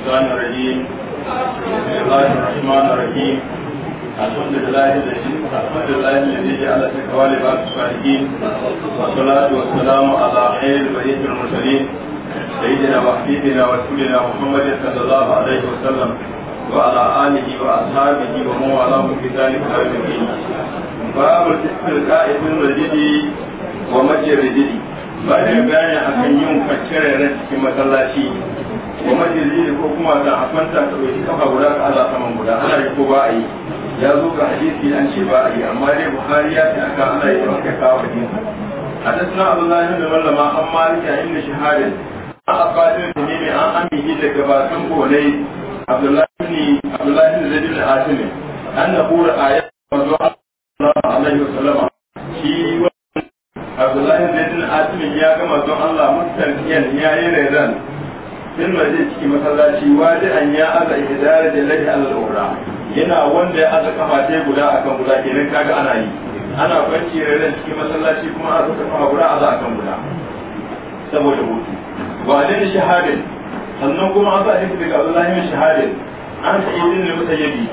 الشيطان الرجيم بسم الله الرحمن الرحيم الحمد لله الذي الحمد لله الذي جعل في قوالب الصالحين والصلاة والسلام على خير بقية المرسلين سيدنا وحبيبنا ورسولنا محمد صلى الله عليه وسلم وعلى آله وأصحابه ومن والاه في ذلك يوم الدين باب الاستلقاء بالرجل ومجر الرجل بعد بيان عن يوم فكر رزق مسلاشي wa majalili ko kuma da afanta ta ɗauki kafa guda ka ala saman guda ana yi ko ba a yi ya zo ga hadisi an ce ba a yi amma dai bukhari ya ce aka ana yi wanka kawo hadisi حدثنا عبد الله بن مسلم عن مالك عند شهاد عن أقال التميمي عن أمه لكباتن قولي عبد الله بن عبد الله بن زيد بن حاتم أنه رأى رسول الله عليه وسلم شيء عبد الله بن زيد بن حاتم يا كما الله مستلقيا يا يا bin majid ciki masallaci an ya aza ihdara da lahi al-ura yana wanda ya aza kafa ta guda akan guda kenan kaga ana yi ana kwanci rairan cikin masallaci kuma a aza kafa guda aza akan guda saboda hutu wa alin shahadin sannan kuma an sa hadisi daga Abdullahi bin shahadin an sa'idin ne musayyibi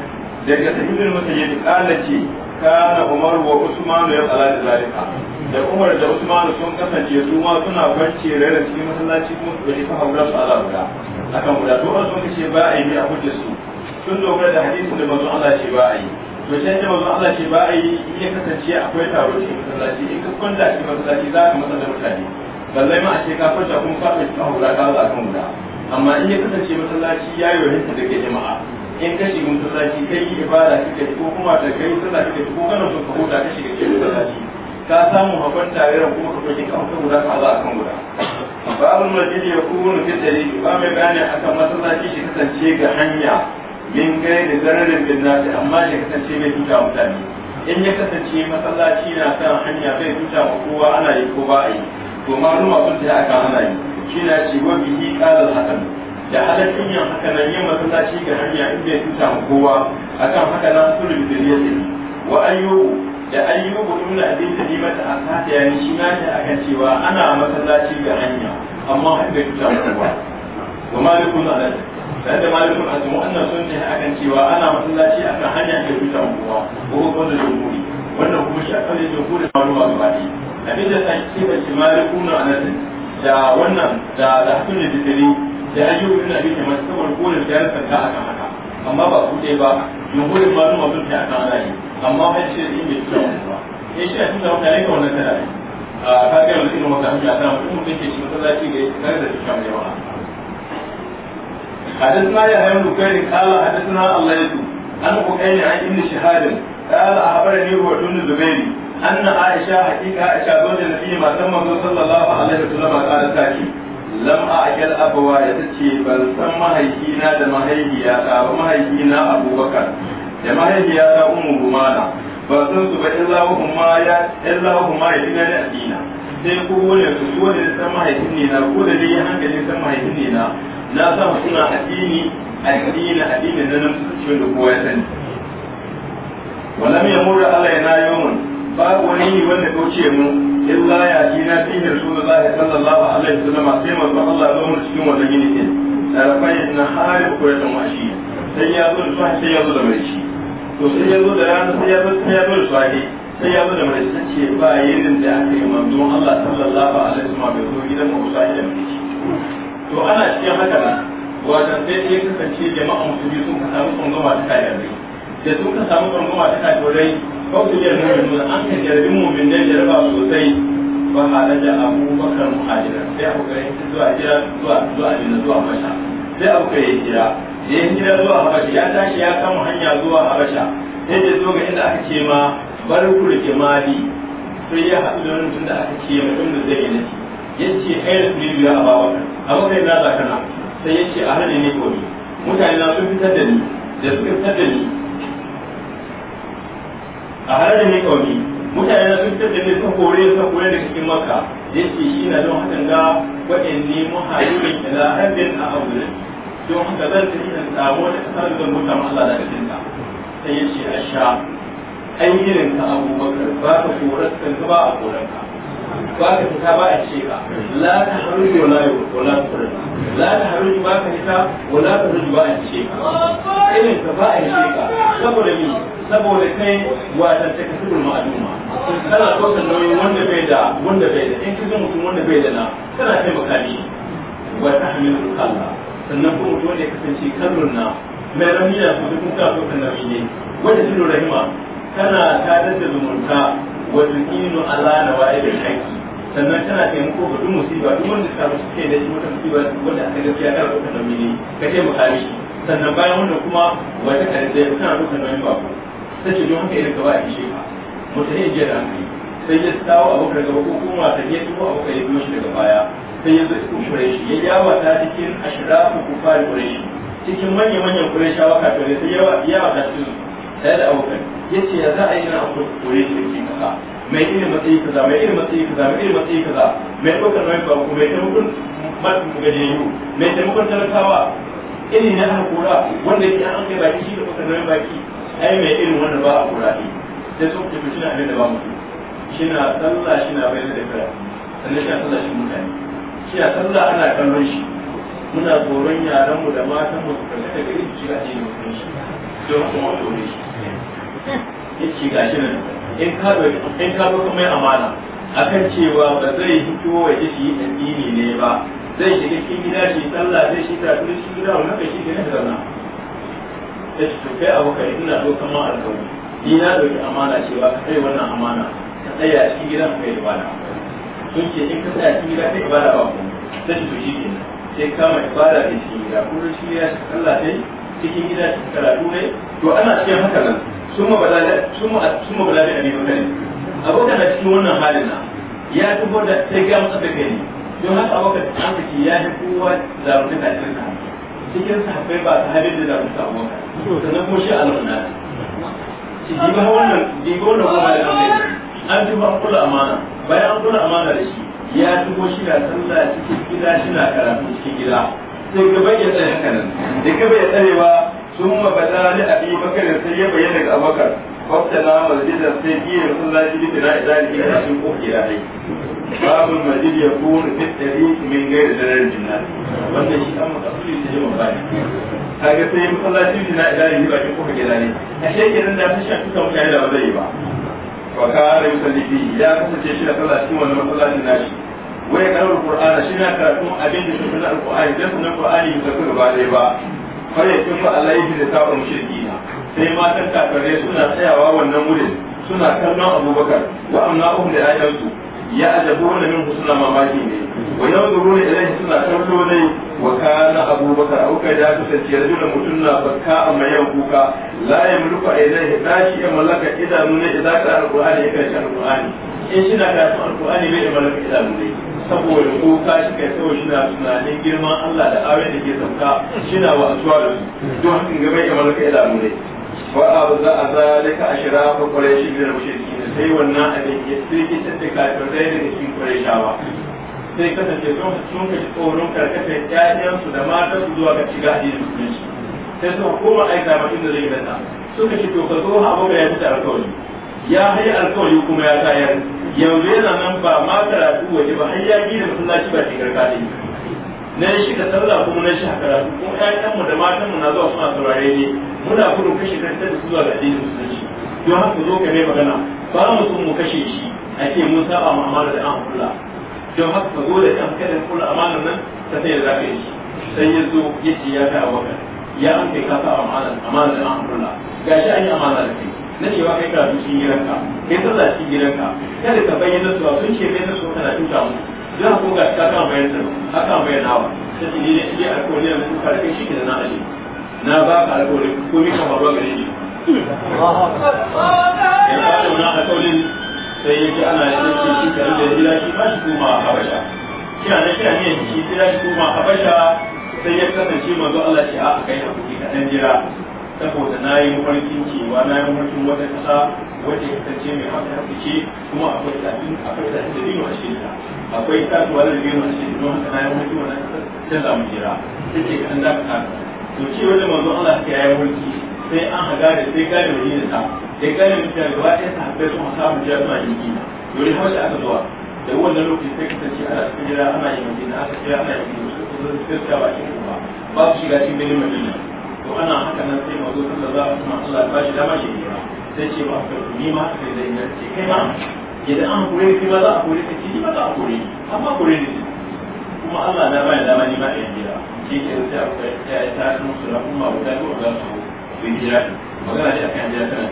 daga sa'idin al-musayyibi kala ce kana umar wa usman ya tsala da zalika da umar da usman sun kasance su ma suna kwance rera cikin masallaci kuma su bai fahimta guda su ala guda akan guda to an sun kace ba a yi a hujjar su sun dogara da hadisi da manzon Allah ce ba a yi to sai da manzon Allah ce ba a yi in ya kasance akwai taro cikin masallaci in ka kwanda cikin masallaci za ka masallaci da mutane lallai ma a ce ka kwanta kuma ka bai fahimta guda ka za kan guda amma in ya kasance masallaci ya yi wa da ke jama'a in ka shiga masallaci kai yi ibada kake ko kuma da kai sallah kake ko kana son ka huta ka shiga cikin masallaci ka samu mafan tayaran kuma ka soke kan kan guda Allah akan guda babu masjid ya kunu ne tariq ba mai bayani akan masallaci shi kasance ga hanya min gai da zararin bin nasi amma shi kasance mai tuta mutane in ya kasance masallaci na kan hanya bai tuta ma kowa ana yi ko ba a yi to maluma sun da aka hana yi shi na ce wa bihi qala al da halattun yin haka nan yin masallaci ga hanya in ya tuta wa kowa kan haka nan ya bidriyati wa ayyubu da ayyubu abin da nima ta akata yani shi na ta aka cewa ana masallaci ga hanya amma in bai tuta wa kowa wa malikun alal sai da malikun sun annan sunni aka cewa ana masallaci kan hanya in bai tuta wa kowa ko ko da jumhuri wannan kuma shi akan jumhuri maluma gaba ɗaya abin da ce ke shi malikun alal da wannan da da hakan da bidriyati da ina yi wurin masu saboda kowane da ya karka a kan haka amma ba ku ɗaya ba yungurin ba nuna mutum da a kan alayi amma ba eh, shi da inda ya wani ba ya shi a cikin mutane ga wannan tana a ka gaya wani irin wata hanyar kan mutum mutum ke shi masallaci ga ya kare da cikin jama'a حدثنا يحيى بن بكير قال حدثنا الله يسوع عن بكير عن ابن شهاد قال اخبرني هو بن الزبير ان عائشه حقيقه عائشه زوج النبي ما تم صلى الله عليه وسلم قالت تاكي lam a ajal abawa ya ce ban san mahaifina da mahaifiyata ba mahaifina abubakar da mahaifiyata umu gumana ba san su ba illahumma ya illahumma ya dina da dina sai ko wani su su wani san mahaifin ne na ko da dai ya hankali san mahaifin ne na na sa suna addini addini addini na nan su ce da kowa ya sani walam yamur alaina yawmun babu wani yi wanda kauce mu illa ya ji na fi rasulullah sallallahu alaihi wasallam sai manzo Allah zo mu cikin wannan gini din tarafai na harib ko ta mashi sai ya zo da sai ya zo da mai shi to sai ya zo da rana sai ya zo sai ya zo da sai sai ya zo da mai sai ce ba yin da aka yi manzo Allah sallallahu alaihi wasallam bai zo gidan mu sai ya mai shi to ana cikin haka nan wajen sai ya kasance jama'a musulmi sun ka samu ta da sun ka samu ta kawai da nan nuna an ka jarbi min da jarba sosai ba hada da abubakar muhajira sai abu kai zuwa jira zuwa zuwa jira zuwa masha sai abu kai jira ya yi jira zuwa habasha ya tashi ya kama hanya zuwa habasha sai ya zo ga inda aka ce ma bar kurke mali sai ya haɗu da wani da aka ce ma inda zai yi nashi ya ce hayar su biyu a babakar abokai na zakana sai ya ce a hannun ne kodi mutane na sun fitar da ni da suka fitar da ni a halin ne kauni mutane sun tattare ne sun kore sun kore da cikin makka yace shi na don hakan ga wa'anni muhajirin ila harbin a abulin don haka zan tafi in samu wata kasa da mutum Allah daga cikin sai yace asha ayyirin ka abubakar ba ka korar ka ba a korar ka ba ka fita ba a ce ka la ta haruji wala yau wala kurin la ta haruji ba ka fita wala ta haruji ba a ce ka irin ka ba a ce ka saboda ni saboda kai wata ta kasirul ma'aluma kana ɗaukar nauyin wanda bai da wanda bai da in ka ga mutum wanda bai da na kana taimaka ni wa ta hamilu kalla sannan kuma mutum wanda ya kasance kallon na mai ramiya su duk mutum a ɗaukar nauyi ne wanda shi rahima tana tare da zumunta wa tuqinu ala nawaid al-haqi sannan tana taimako ga duk musiba duk wanda ta rusu ke da shi wata musiba wanda aka ya kana ɗaukar nomi ne ka taimaka shi sannan bayan wannan kuma wata da tana ɗaukar nauyin ba ku sai ce don haka idan ka ba a ishe ka mu ya jiya da hankali sai ya tsawo abu daga ko kuma ta ya tuwo abu ka ya biyo shi daga baya sai ya zai kun shi ya yawa ta cikin ashirafu kure shi cikin manya-manyan kureshi a tare sai ya yawa ta cikin sai da abokan yace ya za a yi na akwai koyi shi cikin kasa mai irin matsayi kaza mai irin matsayi kaza mai irin matsayi kaza mai ɗaukar mai ba ku mai taimakon mafi gajiyayyu mai taimakon talakawa irin na aka kura wanda yake an kai baki shi da ɗaukar mai baki ai mai irin wanda ba a kura ne sai sun fito shi na abin da ba mutu shi na sallah shi na bayyana da kira sannan shi na sallah shi mutane shi na sallah ana kallon shi muna tsoron yaranmu da matanmu su kalli daga irin shi a cikin shi don kuma tsoron shi yace ga shi nan in ka in ka ba kuma amana akan cewa ba zai hito wa shi addini ne ba zai shiga cikin gida shi sallah zai shi ta shi gida wannan kai shi ne da nan yace to kai abokai ina so kan ma alƙawari ni na dauki amana cewa ka kai wannan amana ka tsaya cikin gidan kai ibada sun ce in ka tsaya cikin gida kai ibada ba ku sai to shi kenan sai kama ibada da cikin gida ko shi ya sallah sai cikin gida karatu ne to ana cikin haka nan sun mabala da abin mutane abokan na cikin wannan halin na ya tubo da sai ga masa da kai don haka abokan arziki ya fi kowa zarurta ka cikin cikin sahabbai ba ta halin da zarurta abokan sannan kuma shi alwala shi diba wannan diba wannan kuma da kan an tuba an kula amana bayan an kula amana da shi ya tubo shi da sallah cikin gida shi na karatu cikin gida sai ka bayyana haka nan da ka bayyana tsarewa sun mabada ni abi bakar sai ya bayyana ga abakar na sai biyu da sun zaji bi idan sun ya kuma fit dari min da jinna wanda shi an jama'a sai jinna idan ba ki ne a shekarun da ta shafi da ba zai ba wa ya kasance shi da wannan nashi wai karar qur'ana shi na karatun abin da shi na alqur'ani dan sunan qur'ani ba ku gaba ba. ba fa ya kuma alaihi da ta mushrikina sai matan kafirai suna tsayawa wannan wurin suna kallon abubakar wa amna'uhum da ayyansu ya ajabu na min husna mamaki ne wa yanzuruna ilayhi suna kallo ne wa kana abubakar au kai da ta ce, rajulan mutum na bakka amma yau kuka la yamliku ilayhi dashi ya mallaka idanu ne idan ka alqur'ani ya karshe alqur'ani in shi na karatun alqur'ani bai mallaka idanu ne saboda ka shi kai sai shi na tunanin girman Allah da awe da ke sauka shi na wa da su don haka gaba ya malaka ya damu ne wa abu za a zalika a shira ko kwarai shi biyar da mushriki ne sai wannan abin ya ke ta da kafirai daga cikin kwarai shawa sai kasance sun sun kashi tsoron karkata ƴaƴansu da matan su zuwa ga shiga addinin musulunci sai sun koma aika ma inda zai gata suka shi to ka zo ha ga ya fita alkawari ya hayi alkawari kuma ya tayar yanzu yana nan ba ma karatu waje ba har ya da masallaci ba shekar kaɗai na shi ka sallah kuma na shi a karatu kuma mu da mu na zuwa suna saurare ne muna gudun kashe kantar da zuwa ga addinin musulunci don haka zo ka mai magana ba mu sun mu kashe shi ake mun saba mu amana da an kula don haka ka zo da ɗan kaɗan kula amana nan ta sai da za ka yi shi sai ya zo ya ce ya ga abokan ya an kai ka saba amana da an kula gashi an yi amana da kai na cewa kai karatu cikin gidanka kai sallah cikin gidanka kada ka bayyana su sun ce kai su kana ta mu za ko ga ka kan bayyana su haka bayyana wa sai ni ne shi alƙawari da mutum kada kai shi na aje na ba ka alƙawari ko ni ka faruwa gare ni ya ba da wannan alƙawarin sai yake ana yin shi shi kan da jira shi ba shi kuma habasha shi ana shi ne shi jira shi kuma habasha sai ya kasance manzo Allah shi a kai hakuri kadan jira saboda na yi mafarkin cewa na yi mafarkin wata ƙasa wacce ya kasance mai haka haka ce kuma akwai tafin akwai tafin da biyu a cikin akwai tatuwa da biyu a cikin don haka na yi mafarkin wata ƙasa ta zamu jira ta ce kan za ka kasa to ce wanda manzon Allah ya yi mulki sai an haga da sai gane wani da ta sai gane mutane gaba ɗaya ta haɗe sun hasa mu jira suna yin kina yau har da aka zuwa da wannan lokaci sai ce ana cikin jira ana yi yin kina aka jira ana yi kina sai ba shi ba ba su shiga cikin birnin Madina to ana haka nan sai mazo sallallahu alaihi wasallam Allah ya bashi dama shi kira sai ce ba ka ni ma haka zai nan ce kai ma idan an kore ki ba za a kore ki ni ba za a kore ni amma kore ni kuma Allah na bani dama ni ma in jira shi ke sai a kai ya ta tun su na kuma guda ko ga su su jira magana dai akan jira kana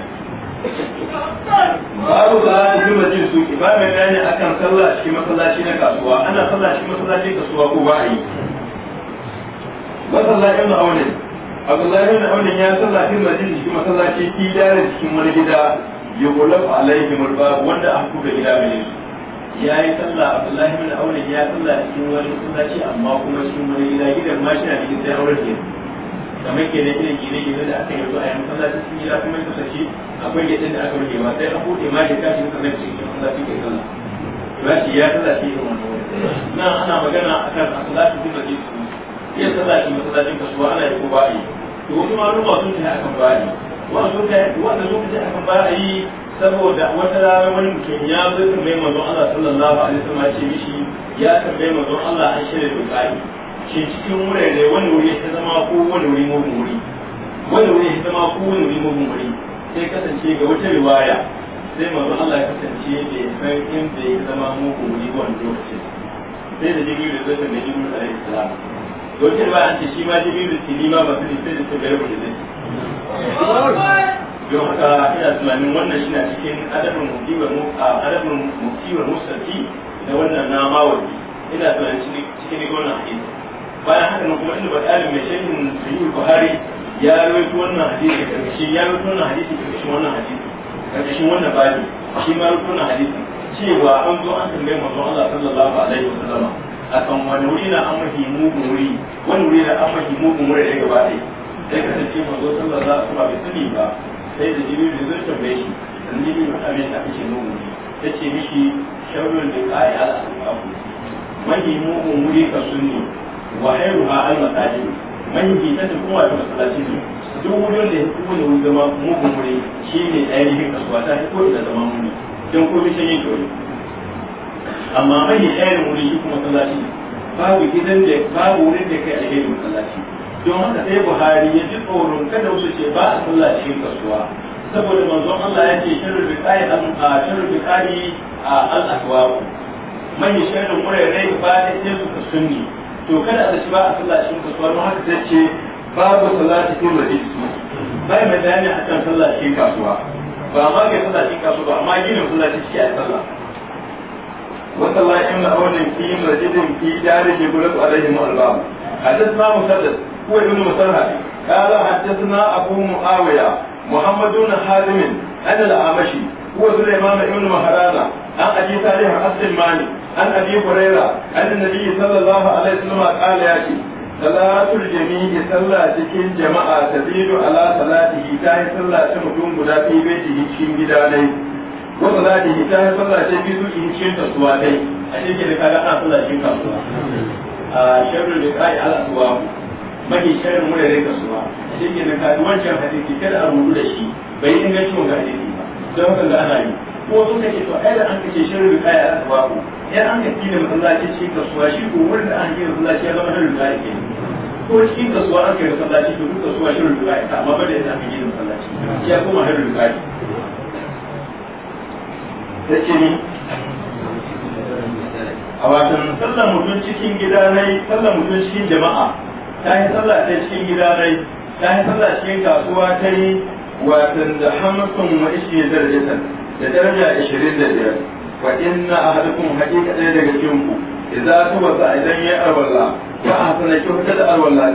babu ba a ji mutum su ba mai gane akan sallah cikin masallaci na kasuwa ana sallah cikin masallaci kasuwa ko ba a yi masallaci na abdullahi da aunin ya salla fi majin cikin masallaci ki gyara cikin wani gida ya kulafa alaihi murba wanda a kuka gida mai ya yi salla abdullahi da aunin ya salla cikin wani masallaci amma kuma cikin wani gida gidan ma shi na cikin sai ke kamar ke da irin gine-gine da aka yi a yan masallaci cikin gida kuma ya sallaci akwai gidan da aka rike ma sai a buɗe ma ya tashi sannan cikin masallaci ke salla ba shi ya salla cikin wani wani na ana magana akan masallaci cikin majin iya sallah shi masallacin ka suwa ana yi ko ba'i to wani maluma sun ta akan ba'i wanda sun ta akan ba'i saboda wata rana wani mutum ya zo tambayi manzon Allah sallallahu alaihi wasallam ce mishi ya tambayi manzon Allah an shirya dokari shi cikin wurare wani wuri ya zama ko wani wuri mugun wuri wani wuri ya zama ko wani wuri mugun wuri sai kasance ga wata riwaya sai manzon Allah ya kasance da ya san inda ya zama mugun wuri wannan lokacin sai da jibril da zai tambayi jibril alaihi salam wajen ba an ce shi ma jibiru tili ma masu da sai da sai gari wani zai don haka ina tunanin wannan shi na cikin adabin mutiwar adabin mutiwar musulci da wannan na mawaji ina tunanin cikin wannan hadisi bayan haka nan kuma inda ba ɗalib mai shaidin sahihul buhari ya rawaito wannan hadisi karkashin ya rawaito wannan hadisi karkashin wannan hadisi karkashin wannan babi shi ma rawaito wannan hadisi cewa an zo an tambaye manzon Allah sallallahu alaihi wa sallama a kan wani wuri na an mafi mugun wuri wani wuri na an mafi mugun wuri da gaba ne sai ka tace ma zo sallar za su ba bai sani ba sai da jibi da zai tambaye shi dan jibi ma ta mai ake mugun wuri ta ce mishi shawarar da ƙari a abu mafi mugun wuri ka sunni wa hairu ha al masaji mafi ta ta kuma ta masallaci ne duk wurin da ya kuma da zama mugun wuri shine ne kasuwa ta ta ko da zama muni don komai shan yin dole amma mai alherin wuri shi kuma masallaci babu gidan da babu wurin da kai alherin masallaci don haka sai buhari ya ji tsoron kada wasu ce ba a sallaci kasuwa saboda manzo Allah ya ce shirin biqai an a shirin kai a al-aswaq shirru yashirin rai ba da sai su sunni to kada a ci ba a sallacin kasuwa don haka sai ce babu salatin rajisu bai mai a kan sallacin kasuwa ba ma ga sallacin kasuwa amma ginin sallaci shi a sallah وصلى ابن عون في مسجد في داره يغلق عليهم الباب حدثنا مسدد هو ابن مسرهد قال حدثنا ابو معاويه محمد بن حازم عن الاعمشي هو سليمان بن مهران عن ابي صالح السلماني عن ابي هريره عن النبي صلى الله عليه وسلم قال ياتي صلاة الجميع صلاة كل جماعة تزيد على صلاته تاهي صلاة مدوم في بيته شين جداني wanda za ta yi ta yi sallah ta biyu su yi cikin kasuwa dai a cikin da kaga ana sallah cikin kasuwa a sharru da kai ala suwa mafi sharrin wuraren kasuwa a cikin da kaga wancan hadisi kada a rubuta da shi bai inganci wanga hadisi ba don haka ga ana yi ko sun kace to ai da an kace shirin da kai ala suwa yan an kace da masallaci cikin kasuwa shi ko wurin da an yi masallaci ya zama sharru da kai ko cikin kasuwa an kai masallaci to duk kasuwa shirin da kai amma ba da yadda an yi masallaci ya koma sharru da kai ta ce ni a wasan sallar mutum cikin gida nai sallar mutum cikin jama'a ta yi sallah ta cikin gida nai ta yi sallah cikin kasuwa ta yi wasan da hamsin wa ishirin darajatan da daraja ishirin da biyar wa inna ahadukum haƙiƙa ɗaya daga cikin ku idza tuwa idan ya arwala ya an sanar ki hutar da alwala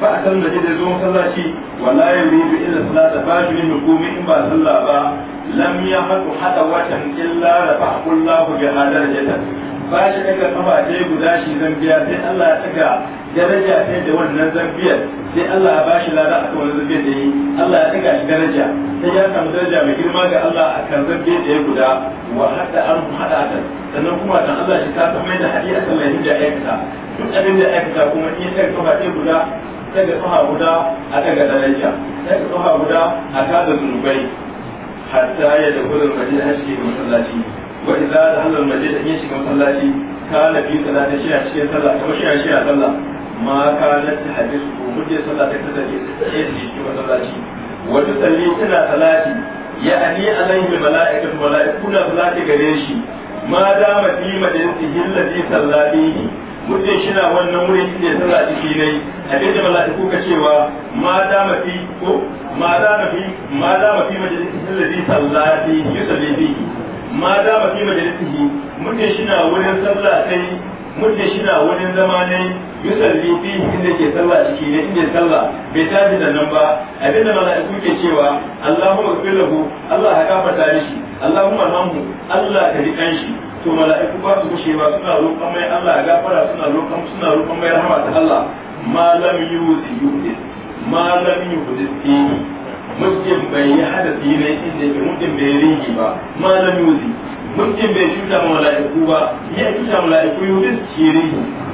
ba a san da shi da zo masallaci wala ya yi bi illa salata ba shi ne hukumi in ba sallah ba lam ya hadu hada watan illa rafa kullahu bi hadar jatan ba shi daga kafa dai guda shi zan biya sai Allah ya saka daraja ta da wannan zambiyar sai Allah ya bashi lada a kan zambiyar da yi Allah ya daga shi daraja sai ya samu daraja mai girma ga Allah a kan zambiyar da ya guda wa hada an hada ta sannan kuma dan Allah shi ta mai da hadiya akan lahin da aikata duk abin da aikata kuma in sai kafa ta guda daga kafa guda a daga daraja ga tsoha guda a kada zunubai hatta ya da da ya haske ga masallaci wa idza da halal majid shi shiga masallaci kana fi salati shi a cikin sallah kuma shi a shi a sallah ma kanat hadis ko muje sallah ta kada ce sai da shi masallaci wa salli tana salati ya ani alaihi malaikatu malaikuna salati gare shi ma dama fi madinati hillati sallatihi mutum shi na wannan wurin shi ne sallah ciki ne abin da mala'iku ka cewa ma da mafi ko ma da mafi ma da mafi majalisin alladhi sallati yusalli bihi ma da mafi majalisin mutum shi na wurin sallah sai mutum shida wurin zama ne yusalli fi inda ke sallah ciki ne inda sallah bai tashi da nan ba abin da mala'iku ke cewa Allahumma ghfir lahu Allah ya kafata shi Allahumma rahmu Allah ka ji shi to mala'iku ba su kushe ba suna roƙon mai Allah ya gafara suna roƙon suna roƙon mai rahama ta Allah ma lam yuzi yuzi ma lam yuzi mutum bai yi hadasi ne inda mutum bai rigi ba ma lam yuzi mutum bai shuta ma mala'iku ba ya shuta mala'iku yau da tsiri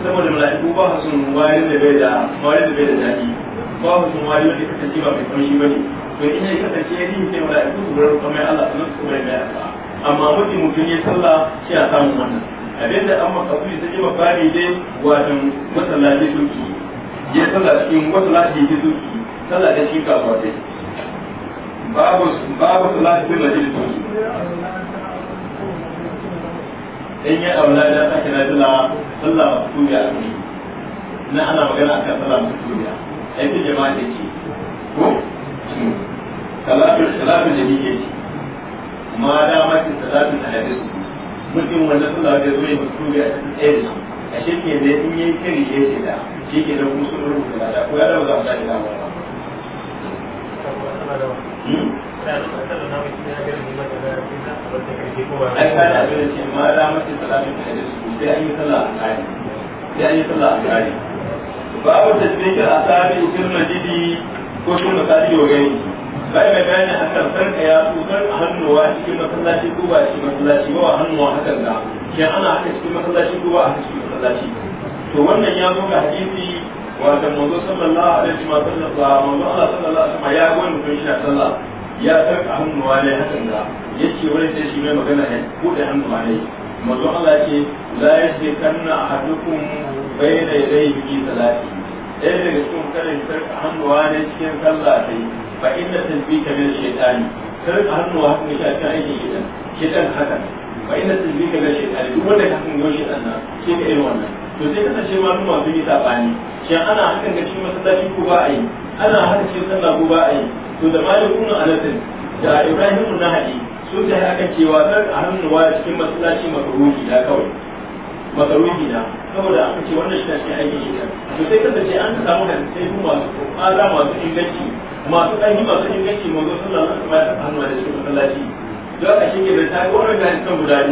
saboda mala'iku ba su sun wari da bai da wari da bai da daɗi ba su sun wari wanda kasance ba mai kamshi ba ne to ina yi kasance ya yi sai mala'iku su bar kamar Allah sun su bai mai ba amma mutum mutum ya sallah shi a samun wannan da an yi ta ji mafari dai wajen masallaci suki ya sallah cikin masallaci ji suki salla da shi kasuwa dai babu babu sallah cikin majalisuki in ya aula da ta kira dila sallah maktubiya a ne na ana magana akan sallah maktubiya ai ta jama'a ce ko salatu salatu da ke ce ma da mata salatu da hadis mutum wanda sallah da zai maktubiya a cikin tsaye da a shi ne in yayi kiri ya ce da shi ke da musulun da ko ya da ba za mu sake dawo ba ai kana a kare sai majidi ko sun misali wa bai mai bayani akan san ka ya su san hannuwa cikin masallaci ko ba cikin masallaci ba hannuwa hakan da ke ana haka cikin masallaci ko ba haka cikin masallaci to wannan ya zo ga hadisi wata manzo sallallahu alaihi wa sallam manzo Allah sallallahu alaihi wa ya ga wani mutum sallah ya hakan da yace wani sai shi mai magana ne ko da hannuwa ne manzo Allah la yasbikanna ahadukum bayna yadayhi salati daga cikin cikin sallah fa inna min shaytani shaytan shaytan hakan fa inna min shaytani duk wanda ka shaytan wannan to sai kasance maluma masu yi sabani shi ana hakan ga cikin masallaci ko ba a yi ana hakan cikin sallah ko ba a yi to da malikun anasin da ibrahim na hadi sun ta haka cewa zan a hannun wa cikin masallaci makruhi da kawai makruhi da saboda aka ce wannan shi na aiki aikin shi to sai kasance an samu hadisai masu ƙwaza masu inganci masu ɗanyi masu inganci mazo sallallahu alaihi wasallam ta hannu da cikin masallaci don a shi ke bai ta yi wannan hadisan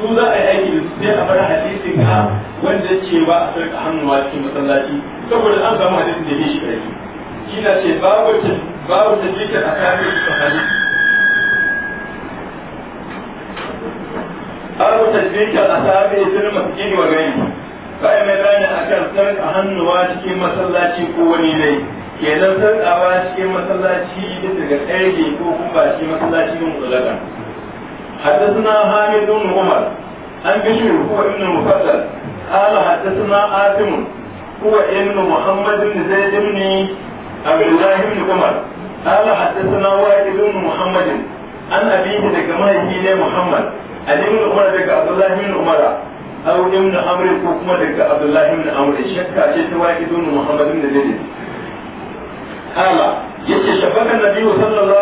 su za a yi aiki da sai a bar hadisin ka mm. wanda ce ba a sarka hannuwa cikin masallaci saboda an samu hadisin da ke shi ƙarfi shi na ce babu ta babu ta jikin a kafin su hadisi babu ta jikin a kafin su masjid wa gani ba a mai bayani a kan sarka hannuwa cikin masallaci ko wani dai kenan sarkawa cikin masallaci bisa daga ɗaya ko kuma ba cikin masallaci ne mutsalakan حدثنا حامد بن عمر عن بشير هو ابن المفضل قال حدثنا آثم هو ابن محمد بن زيد بن عبد الله بن عمر قال حدثنا وائل بن محمد عن أبيه دك مهدي محمد عن ابن عمر دك عبد الله بن عمر أو ابن عمرو كوكما دك عبد الله بن عمرو شكا شيت وائل بن محمد بن زيد قال يتشبك النبي صلى الله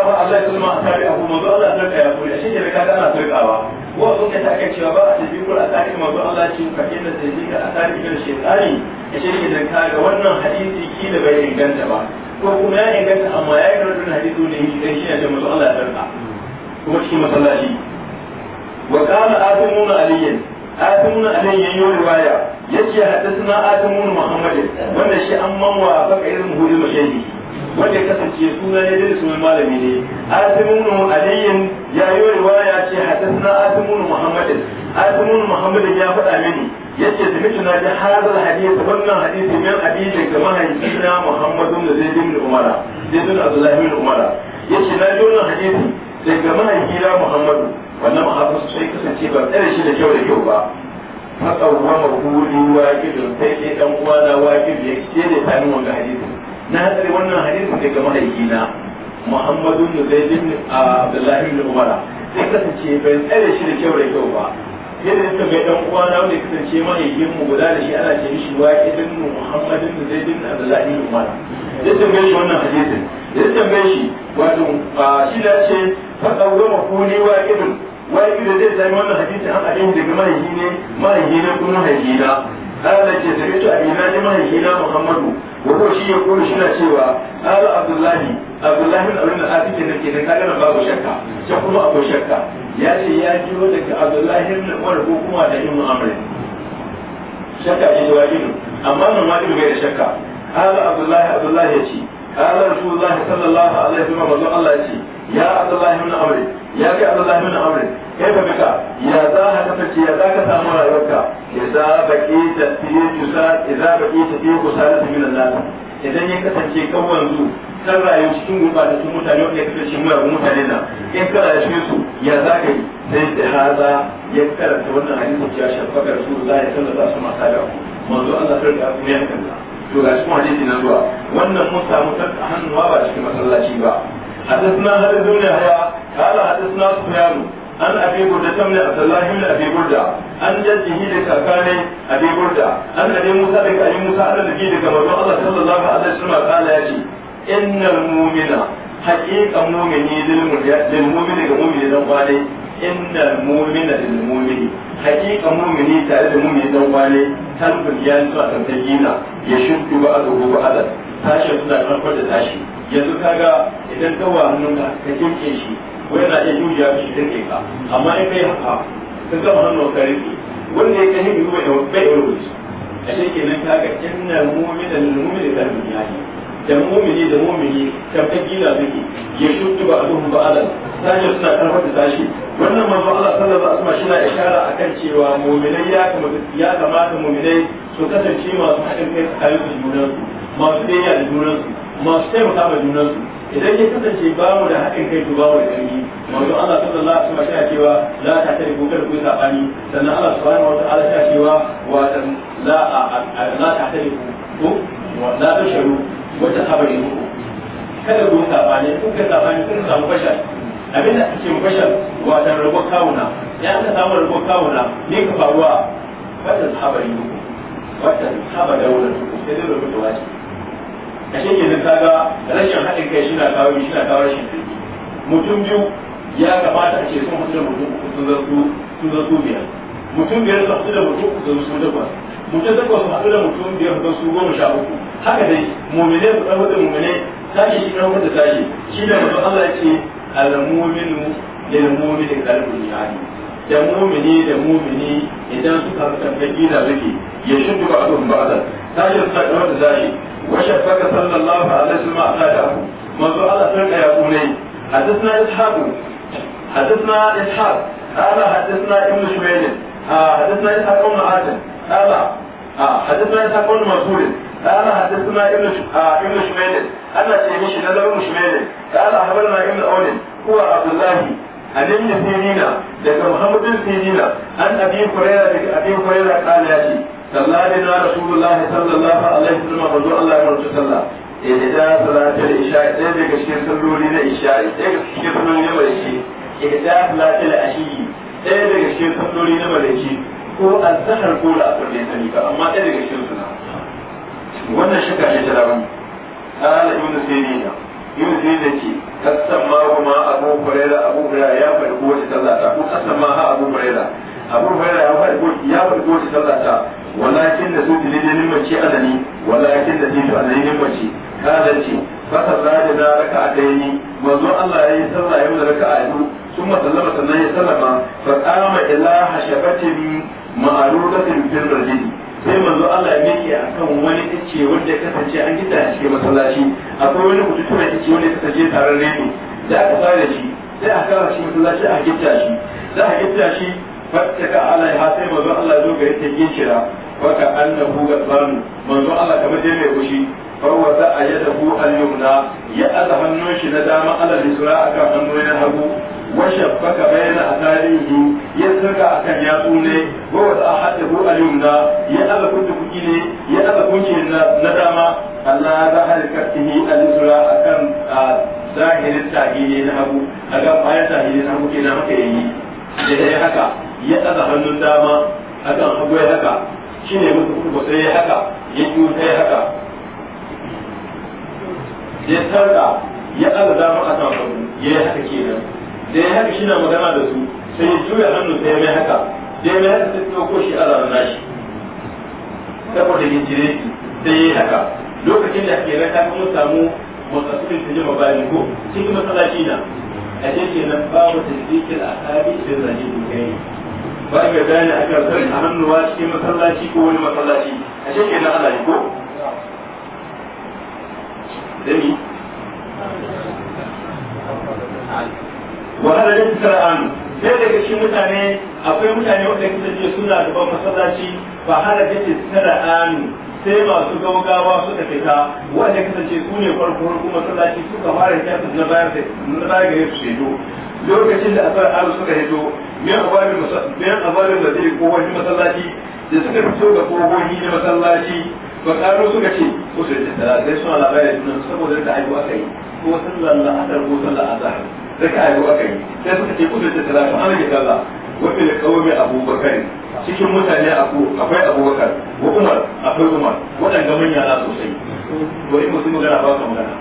yadda aka cewa ba a tafi kula tsari mazu Allah ce ka yadda tafi ka a tsari kira shekari ya shirya da kaga wannan hadisi kila bai inganta ba ko kuma ya inganta amma ya yi rarrun hadisi ne yi kai shi da mazu Allah ya rarra kuma cikin masallaci wa qala atimun aliyin atimun aliyin yayi riwaya yace hadathna atimun muhammadin wanda shi amman wa baka irin hudu mashayi wanda ya kasance suna ne da sunan malami ne asimun aliyin ya yi riwaya ce hadisna asimun muhammadin asimun muhammadin ya faɗa mini yace da mutuna da hadal hadisi wannan hadisi min hadisi ga mahaifina muhammadun da zai bin umara zai bin abdullahi bin umara yace na ji wannan hadisi daga mahaifina muhammadu wannan mahaifin sai kasance ba tsare shi da kyau da kyau ba haka wa mabudi wa sai dan uwana wa ya yake da tanin hadisi na hadari wannan hadisi daga na muhammadu da zaidin abdullahi da umara sai kasance bai tsare shi da kyau da kyau ba yadda suka mai dan uwa na wanda kasance mahaifin mu guda da shi ana ce mishi wa idin muhammadu da bin abdullahi da umara ya tambaye shi wannan hadisin Yadda tambaye shi wato shi da ce faɗa gama kuni wa idin wa idin da zai sami wannan hadisi an abin daga mahaifi ne mahaifi ne kuma mahaifi na قال جزيت من لمهينا محمد وهو شيء يقول شنا شيوا قال عبد الله عبد الله بن أبن الآتي كنا كنا كنا بابو شكا شكو أبو شكا يا شيء يا جيو لك عبد الله بن عمر حكومة دائم أمر شكا جواجين أما من مالك غير شكا قال عبد الله عبد الله يشي قال رسول الله صلى الله عليه وسلم الله يشي ya abdullahi min amri ya kai abdullahi min amri kai fa bika ya za ka kasance ya za ka samu rayuwarka idza baqi tafiye tusa idza baqi tafiye kusalatu min Allah idan ya kasance kawai zu kan rayu cikin gurbatattun mutane wanda ya kasance muyagun mutane na in ka rayu su ya za ka yi sai da haza ya karanta wannan hadisi ya shafa ga rasulullah ya sallata su masa da manzo Allah sai da ne kan to ga shi hadisi na zuwa wannan mun samu ta hannuwa ba cikin masallaci ba حدثنا هذا بن يحيى قال حدثنا سفيان عن ابي برده بن عبد الله بن ابي برده عن جده لكاكاني ابي برده عن ابي موسى لك ابي موسى على النبي لك الله صلى الله عليه وسلم قال يجي ان المؤمن حقيقه مؤمني للمؤمن كمؤمن دان قالي ان المؤمن للمؤمن حقيقه مؤمني تعالى المؤمن دان قالي تلقى الجانب تنتجينا يشد بعضه بعضا tashi ya kula farko da tashi yanzu kaga idan ka wa hannunka ka kinke shi ko yana iya jujiya shi rike ka amma in kai haka ka gama hannun ka rike wanda ya kai hibu bai bai rubuci a shi kenan kaga innal mu'mina lil mu'mini kan dunyani da mu'mini da mu'mini tabbakila suke ya shuddu ba azuhum ba alal tashi suna karfar da tashi wannan manzo Allah sallallahu alaihi wasallam shi na ishara akan cewa mu'minai ya kamata ya kamata mu'minai su kasance masu haɗin kai tsakanin junansu masu yi da junansu masu taimaka ma junansu idan ya kasance ba mu da haɗin kai to ba mu da ƙarfi manzo Allah sallallahu alaihi wasallam ya cewa la ta tare ku kada ku sabani sannan Allah subhanahu wa ta'ala ya cewa wa la la ta tare ku wa la tasharu wa ta habari ku kada ku sabani kun ka sabani kun samu bashar abinda ake bashar wa ta rabo kawuna ya ka samu rabo kawuna ne ka faruwa wata habari ku wata habari ku sai da rubuta wajibi a shekin da kaga rashin haɗin kai shi na kawo shi na kawo rashin kai mutum biyu ya gabata a ce sun hutu da mutum uku sun zasu sun zasu biyar mutum biyar sun hutu da mutum uku sun zasu takwas mutum takwas sun hutu da mutum biyar sun su goma sha uku haka dai mumine su ɗan hutu mumine tashi shi ɗan hutu tashi shi da mutum Allah ce al-mu'minu lil mu'mini qalbun yani da mumini da mumini idan suka tafi da rufe ya shi duka a ba a tashi su ɗan da tashi وشبك صلى الله عليه وسلم أحداده منذ على سنة يا بني حدثنا إسحاق حدثنا إسحاق قال حدثنا ابن شميل حدثنا إسحاق بن آدم قال حدثنا إسحاق بن منصور قال حدثنا ابن ابن شميل أنا تيميش نذر ابن شميل قال أخبرنا ابن أول هو عبد الله عن ابن سيرين لك محمد بن سيرين عن أبي هريرة أبي هريرة قال يا شيخ sallalina rasulullah sallallahu alaihi wasallam bazo Allah ya rubuta sallah eh, da salatul isha dai daga cikin salloli na isha dai daga cikin salloli na malaki eh, da salatul ashi dai daga cikin salloli na malaki ko azhar ko da asar da sani ba amma dai daga cikin sunna wannan shakka ne ta daban qala ibnu sirina ibnu sirina ce kasamma kuma abu hurairah abu hurairah ya faɗi ko kowace sallah ta ko kasamma ha abu hurairah abu hurairah ya faɗi kowace sallah ta walakin da su tililin mace ولكن walakin da tilu azalin mace kada ce ركعتين zai الله raka a ɗaya ne manzo Allah ya yi sallah yau raka a yau sun sai manzo Allah ya miƙe kan wani ice wanda ya kasance an gida a cikin masallaci akwai wani mutum da ice wanda kasance taron rene da aka tsara shi sai a kawo shi masallaci a gidda shi za a gidda shi fattaka alaiha sai manzo Allah ya zo ga yake gishira waka annahu gaban manzo Allah kamar dai mai kushi farwa za a yada hu al-yumna ya aza hannun shi na dama ala lisura akan hannun na hagu wa shabbaka bayna atarihi ya saka akan yatsu ne wa wada hadahu al-yumna ya aza kunta kuki ne ya aza kunci na dama Allah za halkatihi al-lisura akan zahirin tahiri na hagu akan bayan tahiri na hagu kenan haka yayi da haka ya aza hannun dama akan hagu ya haka shi ne mutu ko sai ya haka ya kiwo sai ya haka ya tarda ya ɗaga dama a kan ya yi haka kenan da ya haka shi na magana da su sai ya juya hannu sai ya mai haka da ya mai haka sai ya ko shi a ranar nashi saboda yin jire sai ya yi haka lokacin da ke nan ta kuma samu matsatsin su jima bayan ko cikin matsalaci na a ke nan babu tasdiqil asabi da zalimi kai ba ga bayani a sarin a hannuwa cikin masallaci ko wani masallaci a shekai na Allah ko dani wahala da tsara an sai daga cikin mutane akwai mutane wanda kasance suna da ban masallaci ba hala da tsara an sai masu gaugawa suka fita wanda kasance su ne farko kuma masallaci suka fara kyasa na bayar da na bayar gare su shaidu lokacin da asar aru suka hito min abarin min abarin da zai ko wani masallaci da suka fito ga kogogi na masallaci ba karo suka ce ko sai da tsara sai suna labarin nan saboda da ayyuka kai ko sallar la'asar ko sallar azhar da ka ayyuka kai sai suka ce ko su da tsara to an ga sallah wa fil qawmi abubakar cikin mutane akwai abubakar wa umar akwai umar waɗanda manya na sosai to yi musu magana ba ka magana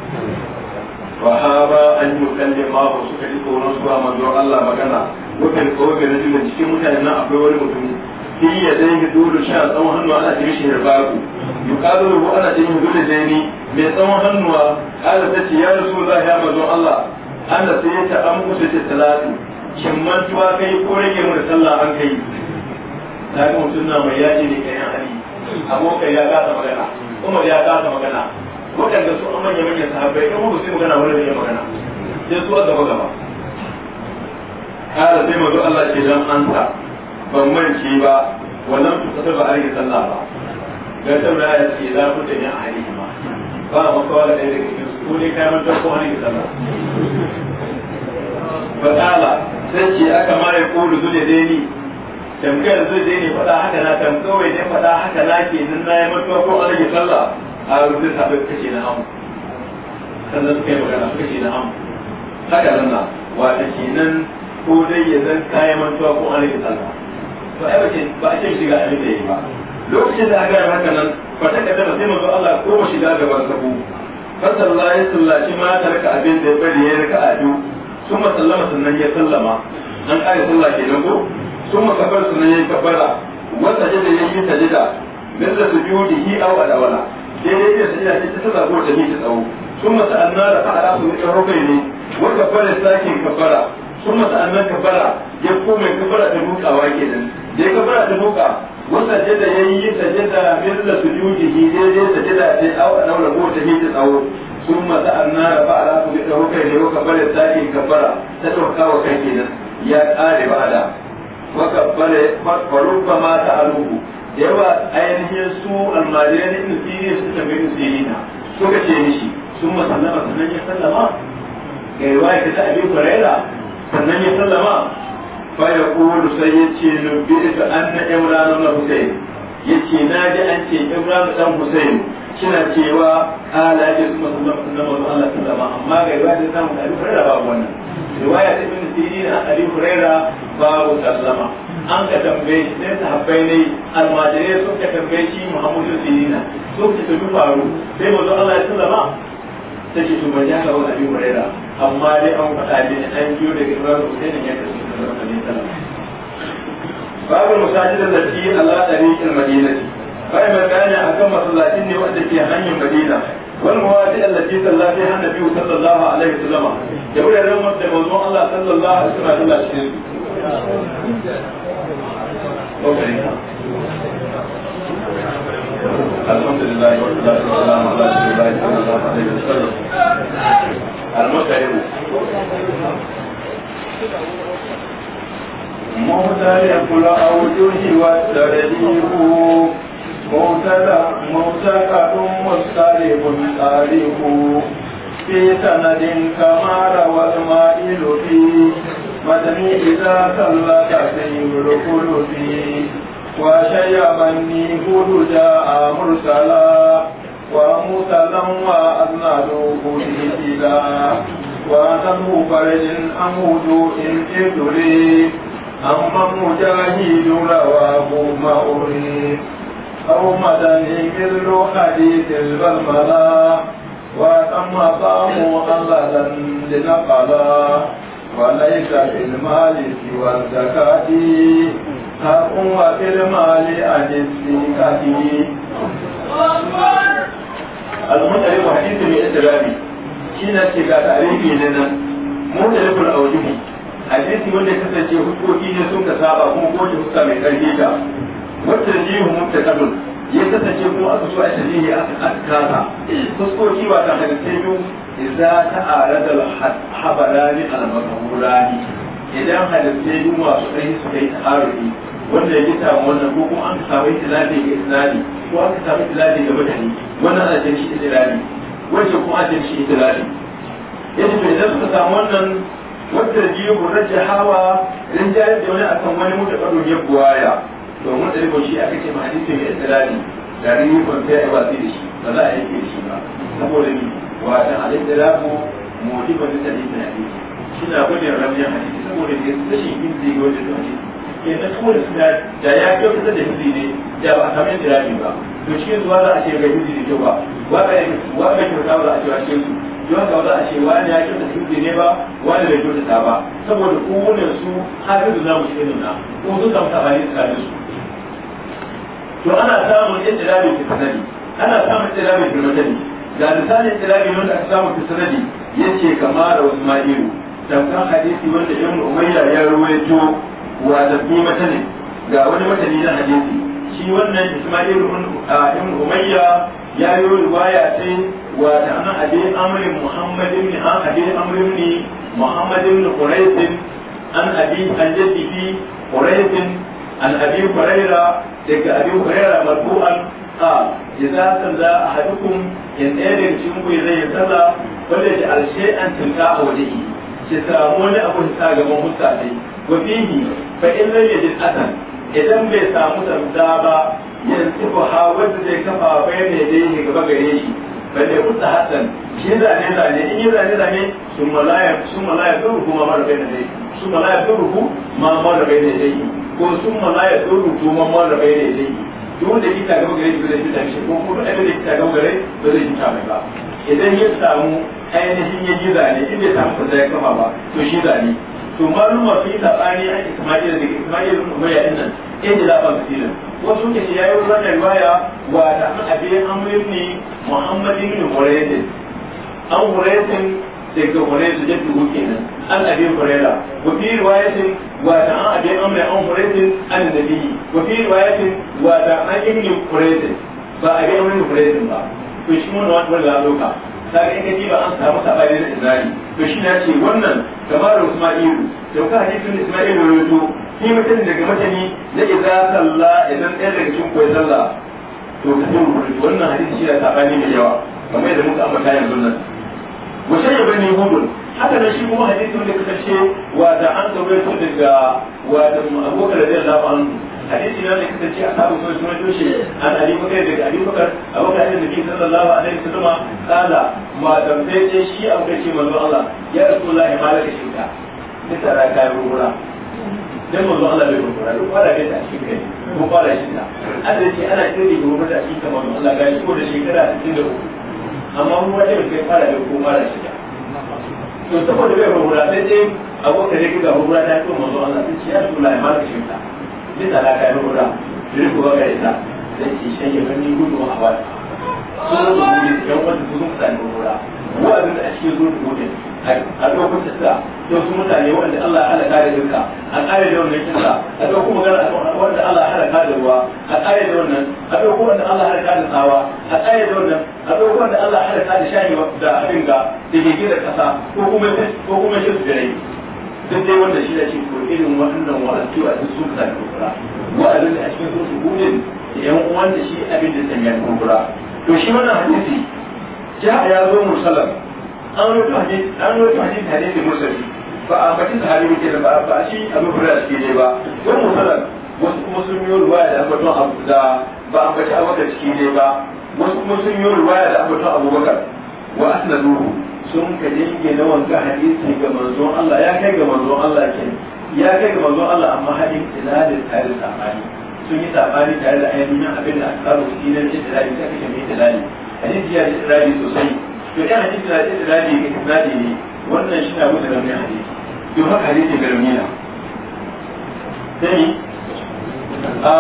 ha ba an yi kalle ma ba suka ji tsoron su ba manzo Allah magana wakan kawai na jirgin cikin mutane na akwai wani mutum shi ya zai yi dole sha tsawon hannu ana ce mishi hirbaku yuqalu lahu ana ce mishi dole dai ni mai tsawon hannuwa ala ce ya rasulullahi ya manzo Allah ana sai ta an musu ce talatin shin mantuwa kai ko rage mu da sallah an kai na ga mutum mai yaji ne kayan ali abokan ya kasa magana umar ya kasa magana waɗanda su an manya manyan sahabbai in wanda su magana wani da ya magana sai su gaba gaba kada sai mazo Allah ce dan ansa ban mance ba wannan su kasar ba alayhi sallah ba ga tabbata ya ce za ku da ni a alayhi ma ba ma kawai da daga cikin su ko ne kai mun ko alayhi sallah fa kala sai ce aka mare ko da zuje dai ni tamkar zai je ne faɗa haka na tamkawai ne faɗa haka na ke nan na yi mutuwa ko a rage sallah a rubutun sabbin kashe na hamu sannan suka yi magana kashe na hamu haka nan na wata ke nan ko dai ya zan kayan mutuwa ko an rage sallah to ai bace ba a ce shiga abin da yi ba lokacin da aka yi haka nan ba ta kaddama sai zo Allah ko mu shiga gaban sabu fasallah ya sallaci ma ta raka abin da ya bari ya raka a biyu sun sallama sannan ya sallama an ƙara sallah nan ko sun makabar su ne kabbara wata jada ya yi sajida milla su biyu hi au alawala daidai da sajida ce ta tsago ta ni ta tsawo sun masa anna da fa'ala su ne rukai ne wa kabbara sakin kabbara sun masa anna kabbara ya koma kabbara da dukawa kenan duka ya yi su au ثم سألنا فعلا فبئر كيف وكبر الثاني كبرا تتركا وكيف يا آل بعدا ta وربما da yawa ainihin su almajirai na ibn sirin su tambayi yi na. suka ce mishi sun masallama sannan ya sallama ga riwaya ta abin kuraira sannan ya sallama fa ya kulu sai ya ce lubbi da anna imran ibn husayn yace na ji an ce imran dan husayn kina cewa ala ya kuma sunan sunan wasu Allah ta zama amma ga riwaya ta samu da Huraira babu wannan riwaya ta Ibn Sirin an Ali Huraira wa sallama an ka tambaye shi sai sahabbai ne almajire sun ka tambaye shi Muhammadu Sirina sun ka tafi faru sai wasu Allah ya sallama sai ki tuba ya kawo Ali Huraira amma dai an faɗa ne an biyo daga Imam Hussein ya kasu sallallahu alaihi sallama babu musajidan da ke ala tariqil madinati ai magana akan masallacin ne wanda ke hanyar Madina wal mawadi allati annabi sallallahu alaihi wasallam da wuraren da manzon Allah sallallahu alaihi wasallam shi الحمد لله والصلاة والسلام على رسول الله صلى الله عليه وسلم المتعب مبتدا مبتدا مسترب تاريخ في سند كما روى المائل في مدني إذا سلك سير الخلف وشيبني هدجا مرسلا ومسلم وأسنده إلى وأنه فرج أمود إن إبلي أما مجاهد رواه ما أريد أو مدني كل حديث البلبلة وتم طعمه أبدا لنقلا وليس في المال سوى الزكاة حق في المال عن السكة المتعب حديث الإسلامي شين الشيكا تعريفي لنا مختلف الأوجه حديث من يكسر شيء حقوقي يسوك سابقا حقوقي من حقوقي والتنزيه مبتدأ ya kasance ko aka so a tarihi aka kasa fuskoki ba ta daga biyu idza ta'arada al-habarani al-maqburani idan hadisai biyu masu kai su kai ta'arudi wanda ya samu wannan ko kuma an samu tilali ga islami ko an samu tilali ga mutane wannan a jin shi tilali wancan kuma an jin shi tilali yace to idan suka samu wannan mu jiyo hawa rinjayar da wani a kan wani mutakaddu ya buwaya domin da ribo shi aka ce ma hadisin ya tsirani da rini kwanciya ya watsi da shi ba za a yi da shi ba saboda ni wajen alaikirafu modi ba nita ne na hadisi shi na gudun ramiyar hadisi saboda ne rashin yin zai gode da hadisi kenan kowane suna da ya kyautata da hizbi ne da ba a samu yin ba to cikin zuwa za a ce ga hizbi da kyau ba wa ga kyauta ba za a ce wa cikin su don ka za a ce wani ya kyauta hizbi ne ba wani bai kyautata ba saboda kowane su har yanzu za mu cikin nuna ko sun samu tabani tsakanin su to ana samun istilabi fi sanadi ana samun istilabi fi matani da misali istilabi wanda aka samu fi sanadi yace kama da Usma'ilu tamkan hadisi wanda Ibn Umayya ya ruwaito wa mata matani ga wani matani na hadisi shi wannan Isma'ilu Ibn Umayya ya yi riwaya ce wa ta an abi amri Muhammad ibn ha abi amri ne Muhammad ibn Quraysh an abi an jaddi fi Quraysh عن أبي هريرة لك أبي هريرة مرفوعا قال إذا صلى أحدكم إن أرد شنو زي صلى فليجعل شيئا تلقاه وجهه شسامون أبو هساق ومهساتي وفيه فإن لم يجد أثن idan bai samu tamda ba yanzu ku ha wanda zai kafa bai ne da yake gaba gare shi balle kusa hasan shi zane zane in yi zane zane sun malaya sun malaya duru kuma mara bai ne dai sun malaya duru ma mara bai ne dai ko sun ma ya tsoro rubutu ma da bai da ilai duk da kika ga gare da shi da shi ko ko da ke ta gaba gare da shi ta mai ba idan ya samu ainihin ya ji zane in bai samu da ya kama ba to shi zane to malum wa fi tsani a isma'il da isma'il da kuma ya nan in da ba su kasirin wasu ke ya yi wannan riwaya wa da an abin amrin ne muhammadin ibn hurayth an hurayth daga wurin su jaddu huke nan an abi hurera wa fi riwayatin wa da an abi amri an huraitin an nabi wa fi riwayatin wa da an ibn ba abi ba to shi mun wani wani laluka ta ga in ba an samu sabani da izali to shi na ce wannan kamar Isma'ilu da ka hadisin Isma'ilu rawaito shi mutum daga mutane na idza sallah idan ɗaya daga cikin sallah to ka wannan hadisi shi na sabani mai yawa kamar yadda muka ambata yanzu nan wa shayya bani hudun haka nan shi kuma hadisi wanda kasance wa da an gabato daga wa da abubakar radiyallahu anhu hadisi na da kasance a sabu sai sunan doshe an ali bakar daga ali bakar abubakar da nabi sallallahu alaihi wasallam kala ma dan sai shi an kace manzo Allah ya rasulullahi malaka shinka ni tara kai rubura dan manzo Allah bai rubura duk wala bai ta shi kai mu fara shi da an ce ana tsiri rubura da shi kamar Allah ga shi ko da shekara 63 amma mu wajen kai fara da ko mara shida to saboda bai rubura sai dai abokan da kika rubura ta ce manzo Allah sai ce ya rubura ya maka shi ta ni da laka ya rubura ni ko ga ita sai ce shi ya gani gudu a hawa sun mun yi yan da su sun tsani rubura ko da shi zo da gudu a ɗaukun tasa da wasu mutane wanda Allah ya halaka da duka a ƙare da wannan kisa a ɗauko magana wanda Allah ya halaka da ruwa a ƙare da wannan a ɗauko wanda Allah ya halaka da tsawa a ƙare da wannan a ɗauko wanda Allah ya halaka da shani da abin ga da ke da ƙasa ko kuma ko kuma shi da rai duk dai wanda shi da shi ko irin waɗannan wa'azi a cikin sun ta kura wa'azi a cikin sun su gudun yan uwan da shi abin da sanya kura to shi wannan hadisi ja ya zo musallam an roƙi hadisi an roƙi hadisi hadisi musulmi ba a bakin sahabi ne kenan ba ba shi abu hurairah shi ne ba don musulman wasu kuma sun yi ruwaya da ambaton abu da ba a bakin abubakar ciki ne ba wasu kuma sun yi ruwaya da ambaton abubakar wa asnaduhu sun ka jingina wanka hadisi ga manzon Allah ya kai ga manzon Allah kenan ya kai ga manzon Allah amma hadin ina da tsarin sabani sun yi sabani tare da ayyukan abin da aka tsaro shi ne da dalili da kake mai dalili hadisi ya ji dalili sosai to kan hadisi da hadisi da ne isnadi ne wannan shi na wuce raunin hadisi to haka hadisi ga rauni na sai a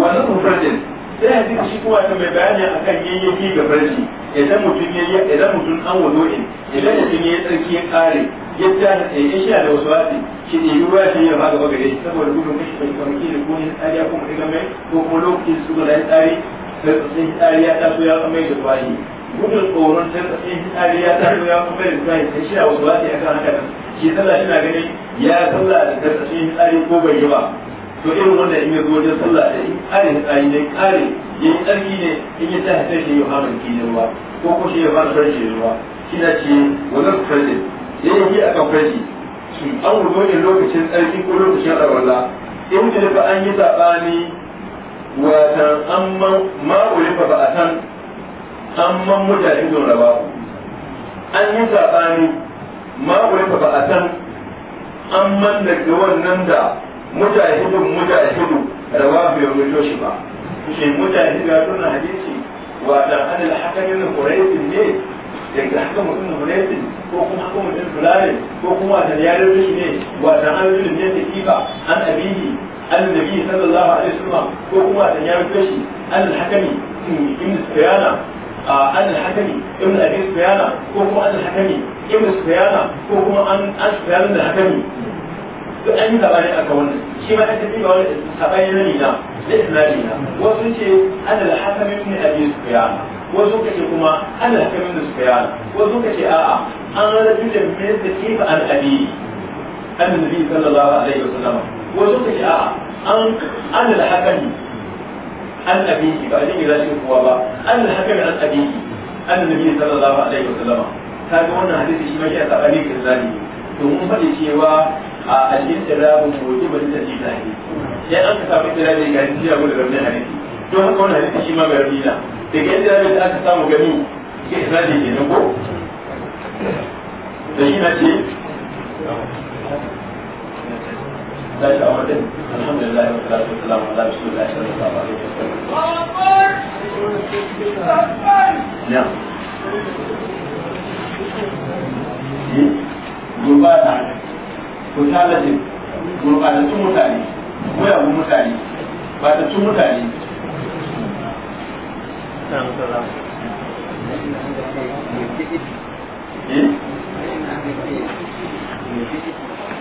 wannan mufradin sai hadisi shi kuma mai bayani akan yayyaki ga farji idan mutum ya idan mutum an wadoin idan mutum ya tsarki ya kare yadda ya eh, shi da wasu wasi shi ne ruwa shi ya faga baga dai saboda gudun kashi bai kwanki da ko yin tsariya ko mutum mai ko kuma lokacin su da ya tsari sai tsari ya taso ya da mutum tsoron can in hitsari ya tsaro ya kuma yin sai sai shi a wasu ba sai kan haka shi sallah shi na gani ya sallah da karkashin hitsari ko bai yi ba to irin wannan in ya zo wajen sallah da in kare hitsari ne kare ya yi tsarki ne in ya tashi sai shi ya fara kinin ruwa ko ko shi ya fara farce ruwa shi na ce wannan farce ya yi a akan farce an wuzo ne lokacin tsarki ko lokacin arwala in da an yi zaɓa zaɓani watan an ma ma'urifa ba a san an amma mutane don ku an yi sabani ma wai ba a san an man daga wannan da mujahidin mujahidu rawa bai rubuto shi ba shi mujahidu ya tona hadisi wa dan adal hakanin quraishin ne da daga haka mutum hulaifin ko kuma haka mutum fulalin ko kuma da yarin rushi ne wa dan adal ne ta kiba an abihi annabi sallallahu alaihi wasallam ko kuma da yarin rushi an hakami ibn sirana an hakami ibn abi sufyana ko kuma an hakami ibn sufyana ko kuma an an sufyana da hakami duk an yi labari aka wannan shi ma an tafi ga wani sabani na nina na isnadi na wasu ce an hakami ibn abi sufyana wasu kace kuma an hakami ibn sufyana wasu kace a'a an rabu da min da kifa al-abi annabi sallallahu alaihi wasallam wasu kace a'a an an hakami an abiki ba jin gida shi kuwa ba an haka an abihi annabi sallallahu alaihi wasallam ga wannan hadisi shi ma ya sabani da zani domin faɗi cewa a ba ta istirabu ta yi sai an ka samu tirabi ga hadisi ya gudu da hadisi don haka wannan hadisi shi ma bai rabina daga yadda rabin da aka samu gani ke isnadi ne ko da shi na ce tashi a wajen alhamdulillah wa salatu wa salam ala rasulillah sallallahu alaihi wa sallam ya gurbata ko talatin gurbatattun mutane ko yabon mutane batattun mutane eh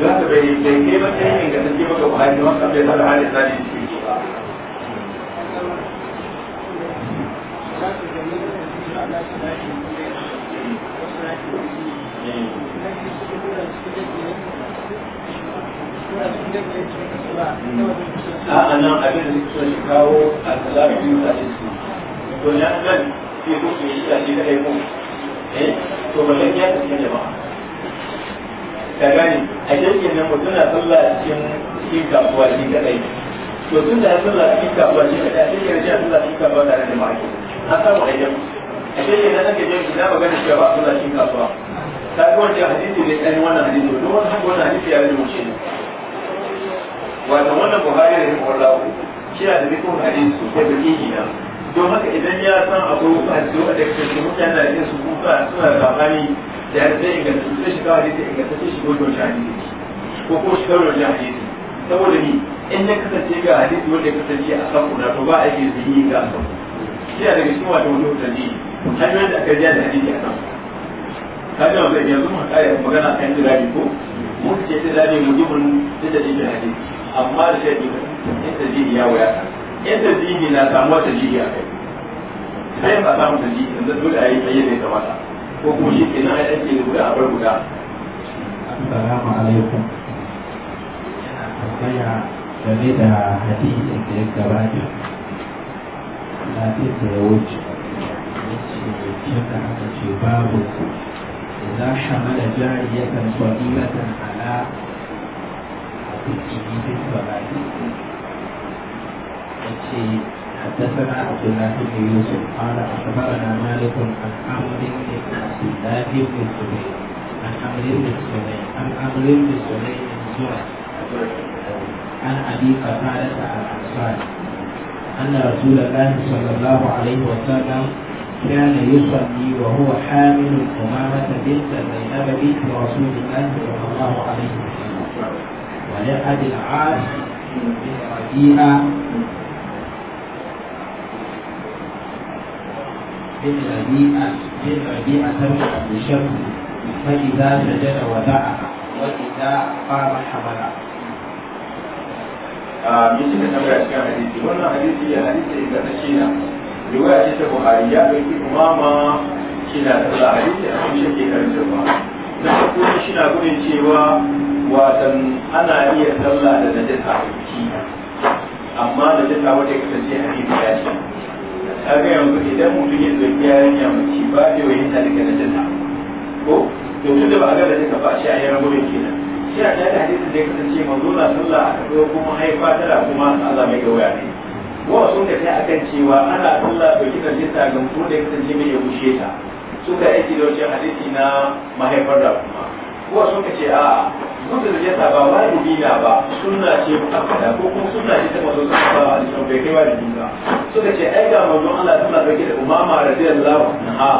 don haka bai bai kai ne ta yin ingantacce ba ga buhari da wasu abin da hali na jin ciki ba a nan abin da suke shi kawo a tsalabi biyu a cikin to ya nan sai kuke yi a cikin ɗaya ko eh to ba ya tafi jama'a ka a jirgin nan mutum na cikin cikin shi kadai to tun da cikin shi kadai a jirgin nan cikin tare da maki samu a jirgin a jirgin nan ake jirgin na magana cewa ba cikin ta wancan hadisi ne ɗan wannan hadisi wani haka wannan hadisi ya mace ne wato wannan buhari da ya shi na da bikin hadisi don haka idan ya san abu a cikin da ke shi mutane da yin su kuka suna zamani da ya zai inganta su zai shiga hadisi inganta su shigo da wani hadisi ko shi shiga wajen wani hadisi saboda ni in ya kasance ga hadisi wanda ya kasance a kan kuna to ba a yi zini ga a kan shi a daga cikin wata wani hotanni hanyoyin da aka jiya da hadisi a kan ka ji wanda yanzu mu kare magana a kan jirage ko mun ce jirage mu ji mun da jirage hadisi amma da shi ne ta jirage ya waya yadda jihi na samu wata jihi a kai sai ba samu ta jihi da dole a yi tsaye da mata ko kuma shi kenan ai ake da guda a bar guda assalamu alaikum tambaya game da hadisin da ya gabata na da ya wuce yace da aka ce babu za hamala jariyatan fadilatan ala a cikin salati الحجي حدثنا عبد الله بن يوسف قال اخبرنا مالك عن عمرو بن عبد الله بن الزبير عن عمرو بن الزبير عن عمرو بن الزبير بن عن ابي قتاده الانصاري ان رسول الله صلى الله عليه وسلم كان يصلي وهو حامل أمامة بنت زينب بنت رسول الله صلى الله عليه وسلم ولأبي العاص بن ربيعة bin rabi'a bin rabi'a tarka bi shakku fa idza sajada wada'a wa idza qama hamala a mun cika tambaya cikin hadisi wannan hadisi ya hadisi da ta shina riwaya ce ta Buhari ya dauki umama shina da hadisi a cikin shekarun ba na farko shi na gudun cewa watan ana iya sallah da najasa a amma najasa wata ya kasance hadisi ya ce kaga yanzu idan mutum ya dauki yarinya mace ba da wayin ta daga da jinna ko to tunda ba ga da take ba shi a yaran gurin kenan shi a tare hadisi da ya kasance manzo na sallah a dauko kuma haifa tara kuma Allah mai ga waya ne wa sun da kai akan cewa ana sallah dauki da jinna ga mutum da ya kasance mai ya bushe ta suka aiki da wajen hadisi na mahaifar da kuma wa sun ka ce a'a mutum ya sa ba wajibi na ba sunna ce muakkada ko kuma suna ce ta manzon sallallahu alaihi wasallam bai kai wajibi ba suka ce ai ga manzon Allah tana dauke da umama radiyallahu anha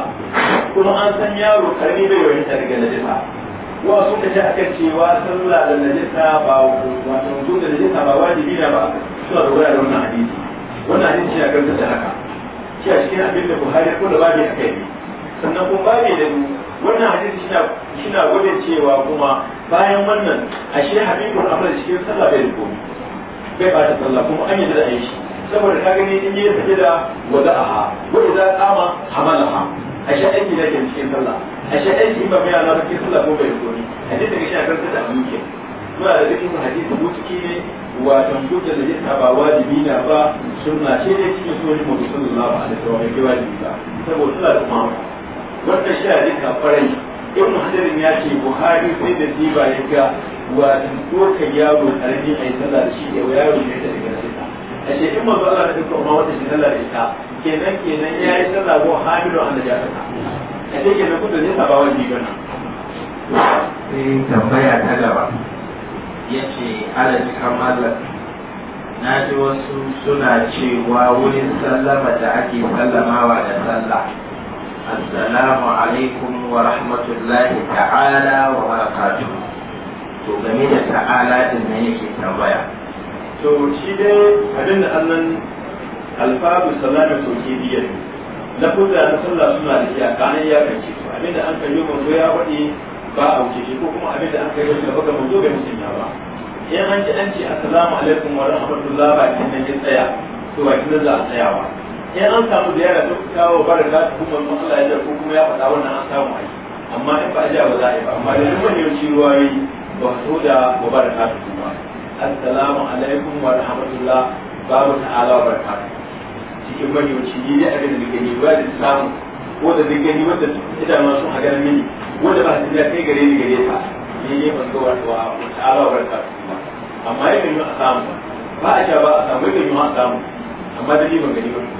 kuma an san yaro karami bai wani ta daga najisa wa suka ce akan cewa sallah da najisa ba wato mutum da najisa ba wajibi na ba suna dogara da wannan hadisi wannan hadisi ya karanta da haka shi a cikin abin da Buhari ko da babu akai sannan kuma babu da wannan hadisi shi na gwada cewa kuma bayan wannan ashe habibul amal cikin sallah bai da komi bai ba ta sallah kuma an yi da a yi shi saboda ka gani in yi sake da wada'aha wa idza ha a ashe aiki da ke cikin sallah ashe aiki ba mai alama cikin sallah ko bai da komi hadisi ka shi a karkata da amince suna da dukkan hadisi mutuki ne wato hujjar da yasa ba wajibi na ba sunna shi ne cikin sunan mutum sallallahu alaihi wa sallam ke wajibi ba saboda suna da kuma wanda sha duka farai ibn hadarin ya ce buhari sai da diba ya ga wa doka yaro karami mai sallah da shi ya wa yaro ne da daga sita a ce in manzo Allah da duka umma wanda shi sallah da ita kenan kenan ya yi sallah ko hamilu an da jarata a ce kenan kun da ne ba wani ba na sai tambaya ta gaba ya ce alaji kamala na ji wasu suna cewa wurin sallama da ake sallamawa da sallah السلام عليكم ورحمة الله تعالى وبركاته to game da ta'ala din ne yake tambaya to shi dai abin da annan alfabu salatu tawhidiyya lafuzza na sallah suna da iyaka an ya kace to abin da an kai yau manzo ya wadi ba a wuce shi ko kuma abin da an kai yau ba baka manzo bai mutunya ba in an ji an ce assalamu alaikum wa rahmatullahi ba kin nan ya tsaya to ba kin za a tsayawa in an samu da yara duk kawo barin za su kuma matsala ya ko kuma ya faɗa wannan an samu ai amma in ba ajiya ba za a yi ba amma da duk wani yawanci ruwayoyi ba su da wa barin za su kuma assalamu alaikum wa rahmatullah babu ta'ala wa barakatuh cikin wani yawanci ni ne abin da nake yi ba da samu ko da nake yi wanda idanun sun hagar mini wanda ba su da kai gare ni gare ta ni ne ban ga wa ta'ala wa barakatuh amma yakan yi a samu ba a ba a samu yakan yi a samu amma da ni ban gani ba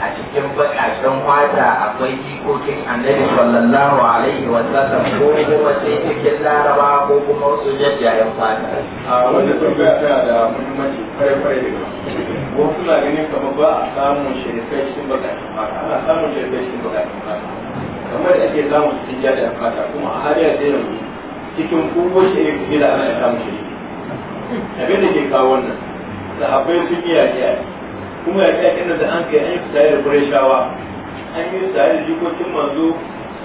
a cikin bakakken fata akwai jikokin annabi sallallahu alaihi wa sallam ko kuma sai cikin laraba ko kuma wasu jajjayen fata. a wanda ga ta da muhimmanci kare-kare kwarai da ko kuna ganin kamar ba a samun shirkai cikin bakakken fata ana samun shirkai cikin bakakken fata kamar da ake samun cikin jajjayen fata kuma a har yanzu yanzu cikin kogo shirin da ana samun shirkai abin da ke kawo wannan Da sahabbai sun yi yaƙi kuma ya ce inda da an kai an yi tare da Qurayshawa an yi tare da jikokin manzo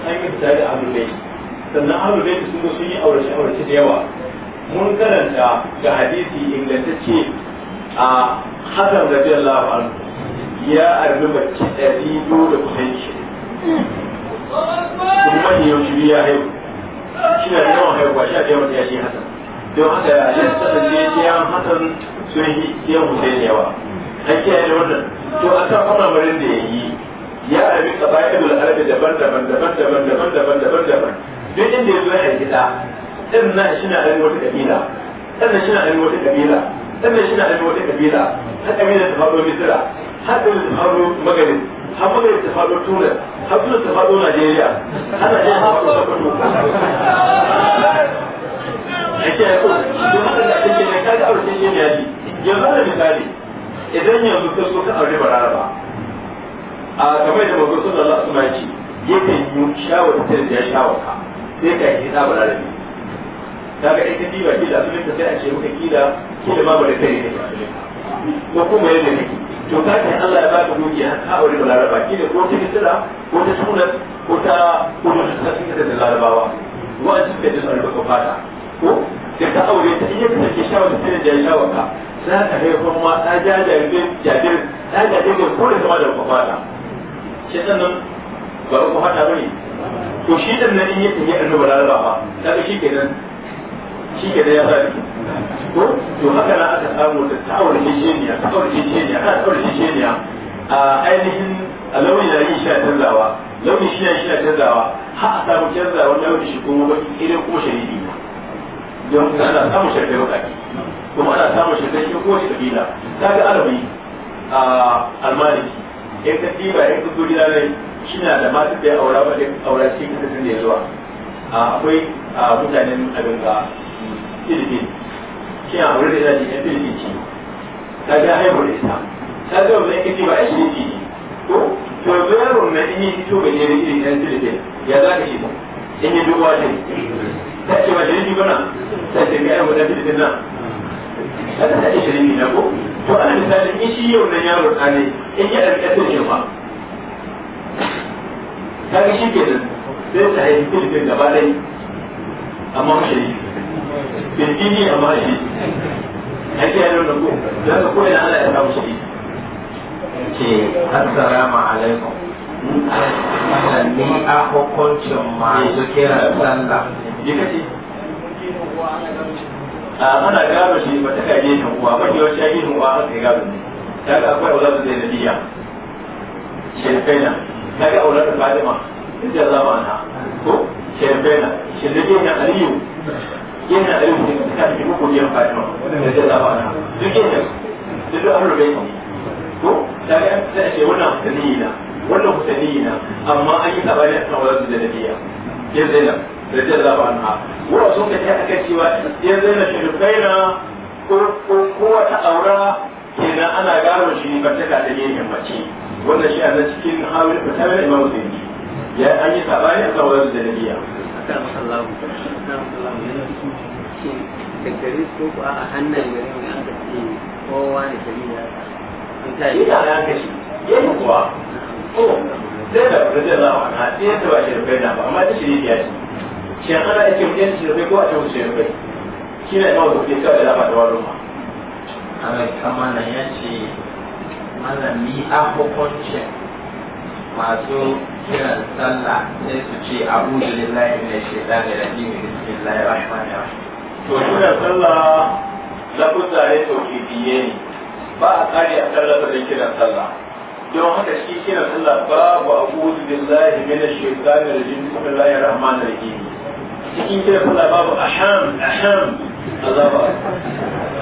an yi tare da Ahlul Bayt sannan Ahlul Bayt sun go sun yi aurace aurace da yawa mun karanta ga hadisi ingantacce a da radiyallahu anhu ya arbi bacci ɗari biyu da kusanci. kuma ne yau shi ya haihu shi na yawan haihuwa shi a ya shi Hasan don haka ya ne ya Hasan sun yi yawan Hussein yawa an kiyaye da wannan to akan amamarin da ya yi ya rabi qaba'ilul arabi daban-daban daban-daban daban-daban daban-daban duk inda ya zo ya gida irin na shi na arewa wata kabila sannan shi na arewa wata kabila sannan shi na arewa wata kabila ta kabila ta faɗo misira har da ta faɗo magalin har magalin ta faɗo tunan har tunan ta faɗo najeriya har najeriya ta faɗo sokoto a kiyaye ko don haka da ake ne kaga aure ne yaji yanzu da misali idan yanzu ta so ka aure bararaba a kamar da mazo sun Allah su maci yakan yi shawartar da ya ka. sai ka yi da bararaba ta ga ita diba kila su ta sai a ce muka kila kila ma bari kai ne ko kuma yadda ne to ka Allah ya baka duki har ka aure bararaba kila ko ta kitira ko ta sunan ko ta ko ta suka da larabawa wa'an suka da sun ka fata ko da ka aure ta iya kasance shawartar da ya ka. za ka haifar ma ta ja jaririn jaririn ta jaririn ko da sama da kuma fata shi sannan ba kuma fata ba ne to shi din nan in yi tafiya in ba laraba ba ta ga shi kenan shi kenan ya sa ko to haka na aka samu da ta'awar shishiniya ta'awar shishiniya ana ta'awar shishiniya a ainihin a launin na yi shi na canzawa launin shi na shi a canzawa har a samu canzawa launi shi kuma ba irin ko shari'i don ana samun shari'i ba kuma ana samun shaidan cikin kowace kabila ta ga arabi a almaliki ya ka ɗiba ya ka zuri lalai shi na da masu da ya aura ba da aura cikin kasashen da ya zuwa akwai mutanen abin ga filifin shi a wurin da ya yan filifin ci ta ga haihuwar ita ta ga wani ka ɗiba a shi ne ko to yaron na in yi fito ga nere irin yan filifin ya za ka shi ba in yi duba shi ta ce ba jere ji ta ce ga yan wadda filifin nan kada da ishirin ne na ko to ana misali in shi yau nan yaro ta ne in ya ɗarƙa ta ce ba ta ga shi kenan sai ta haifi filifin gaba ɗaya amma mashi filifini amma shi ake yaro na ko za ka koya na ala ya samu shi ce assalamu alaikum a hukuncin ma su eh. kira sallah muna gano shi ba ta kai gefen uwa mafi yawanci a yi uwa aka yi gado ne ga akwai aulatu zainabiyya shirfaina daga aulatu fatima inda na ko shirfaina shirfaina aliyu yana aliyu yin cikin ta yi muku biyan fatima wanda zai zaba na duk yin da duk an rube bai ko ta ga ta ce wannan husaini na wannan husaini na amma an yi sabani a kan wannan da nabiya ke zainab da jin zafanta wura sun ka aka cewa ya zaina shirfaina ko wata aura ke ana gano shi ba ta kada ne ya mace wanda shi a nan cikin hawin ta tare da mawuzin ki ya an yi sabani a tsawon da na biya. Shekaru ko ko a hannun gari ne aka ce kowa da shari'a. Ita ne aka ce, ke kuwa? Ko, oh, sai da kudin zama na ce ta ba shirin bai na ba, amma ta shirin ya ce. shekara yake mutum shi bai ko a ce mutum bai shi ne kawai kuke kawai da ba da wani ma. kama na ya ce malami a hukunce masu kiran sallah sai su ce abu da lillahi ne shi da ne mai jini bismillahi rahmani rahim. To kiran sallah lafuta ne to biye ne ba a tsari a sarrafa da kiran sallah. don haka shi kiran sallah babu abu da lillahi ne da shi da ne mai jini bismillahi rahmani rahim. cikin kira sallah babu aham aham Allah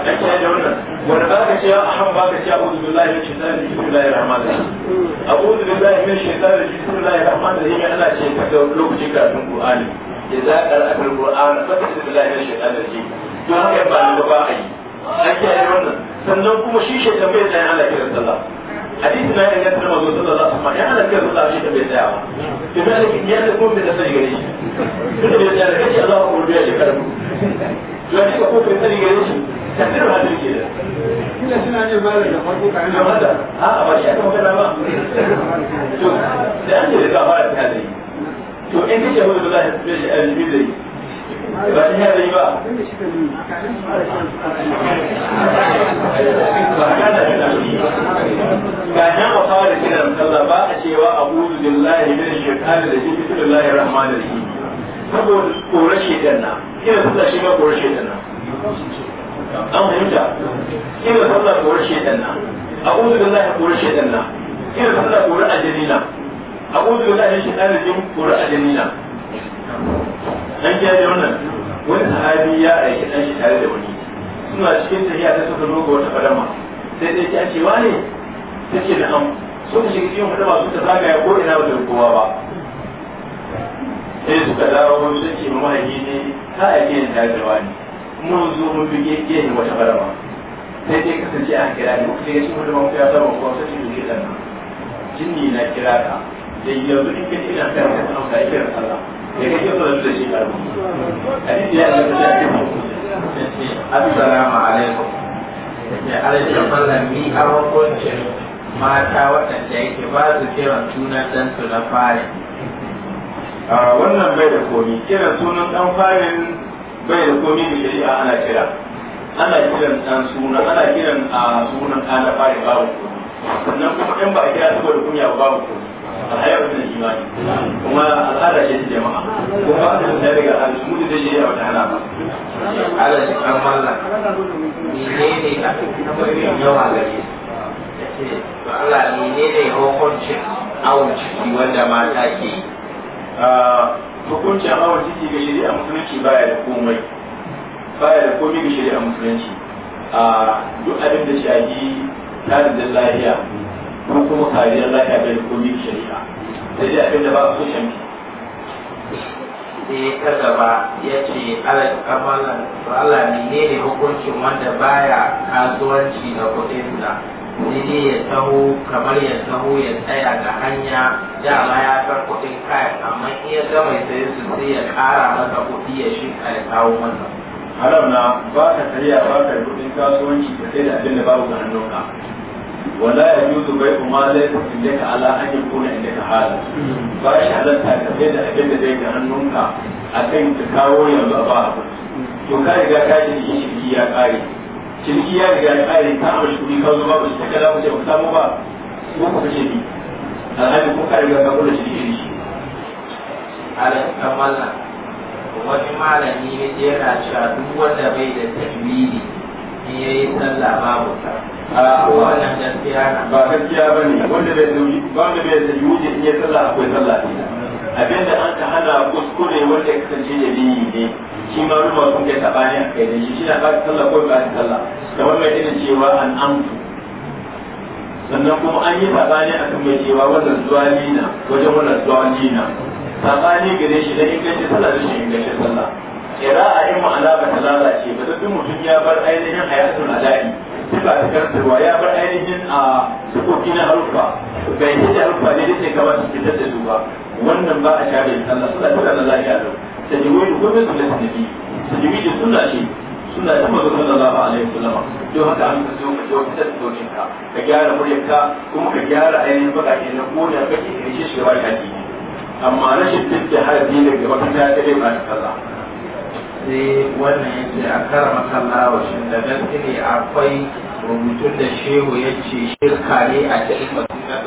da wannan wanda ba ka aham ba ka billahi billahi ce ka lokacin Qur'ani billahi to haka ba ba da wannan sannan kuma shi shaitan bai tsaye kiran sallah hadisi na yanga tana mazo sallallahu alaihi wasallam ya halaka da Allah shi bai tsaya ba to malaki ya da kuma da sai gare shi kuma da ya kace Allah ko rubiya ya karbu to shi ko kuma sai gare shi tafsirin hadisi ke da ina suna ne malam da farko kan da wanda a a ba shi aka magana ba to da an da ba ta da to in kace wani da Allah ya tsaya da ba shi ya zai ba a fara da kiran ba a cewa a uzu billahi min shaitani da jin bismillahi rahman rahim saboda korar shaitan na ina sallah shi ma korar shaitan na an fahimta kiran sallah korar shaitan na a uzu billahi shaitan na kiran sallah korar ajalina a uzu shi ta da jin korar ajalina dan kiyaye da wannan wani sahabi ya aiki dan shi tare da wani suna cikin tafiya ta suka zo ga wata fadama sai dai ta ce wane take da am so ta shiga cikin fadama su ta zagaya ko ina ba da kowa ba sai suka dawo wani sun ce mahaifi ne ta aiki ne tare da wani mun zo mun bi gehe wata fadama sai dai kasance a kira ne kuma sai cikin fadama mutu ya zama, ko sai shi ne dan jinni na kira ka dai yanzu in kace ina kai ka san ka kira Allah da eh, kake so da shi ka hadisi ya da eh, shi ake assalamu alaikum ya alaikum sallam ni a hukuncin mata waɗanda yake ba su kiran suna ɗan su na fari ah, wannan bai da komi kiran sunan ɗan farin bai da komi da shari'a ana kira ana kiran ɗan suna ana kiran a ah, sunan ɗan na fari babu komi sannan kuma ɗan ba a kira saboda kunya babu komi a hayar da imani kuma al'ada ce ta jama'a kuma ba ta da daga al'ada su mutu da shi a wata hana ba ala shi kan ne menene a cikin yawa gare ce to Allah menene hukuncin awon ciki wanda mata ke yi hukuncin awon ciki ga shari'a musulunci baya da komai baya da komai ga shari'a musulunci a duk abin da shi shafi tsarin da lafiya ko kuma kariya za ka bai komi shari'a sai dai abin da ba su ki da ya kaza ba ya ce ala kamalan to Allah ne hukuncin wanda baya kasuwanci da kuɗinsa sai ne ya taho kamar ya taho ya tsaya ga hanya dama ya san kuɗin kaya, amma in ya mai sai su sai ya ƙara masa kudi ya shi ya kawo masa haram na ba ka tsariya ba ka kuɗin kasuwanci da sai da abin da babu ga hannunka ولا يجوز بيع مال لك على ان يكون عندك حال باش حالتها كفيدة أجل ديك بابا تو كاي جا كاي دي يشكي يا كاري شركي يا جا كاري تعمل شكري كوزو بابا شكلا وجه مو با دي فشدي الآن يكون كاري كاكولا شركي شركي على كمالنا wani malami ya jera cewa duk دو ولا بيد التجميل in yayi sallah babu ta. a wannan gaskiya na ba gaskiya bane wanda bai tauji wanda bai tauji wuce in yayi sallah akwai sallah ne abinda an ka hana kuskure wanda ya kasance da biyi ne shi ma ruwa sun kai sabani a kai da shi shi na ba sallah ko ba sallah kamar mai irin cewa an amtu sannan kuma an yi sabani akan mai cewa wannan zuwali na wajen wannan zuwali na sabani gare shi da ingancin sallah da shi ingancin sallah kira'a in ma'ana ba ta lalace ba duk mutum ya bar ainihin hayatul ala'i ba ta karantarwa ya bar ainihin a sukoki na harufa bai yi da harufa ne da ke gaba su fitar da su ba wannan ba a shafe Allah suna tura da lafiya da ta ji wani gobe su da sunabi ta ji wani suna ce suna ta mazo suna zaba a laifin lama don haka an kasu ka ce fitar da dokin ka ka gyara muryarka kuma ka gyara ainihin bakake na koda kake karshe shi ya wani amma rashin fitar da harafi daga bakata ta ta ba ta kaza sai wannan ya ce a kara masallawa shi da akwai rubutun da shehu ya ce shirka ne a cikin da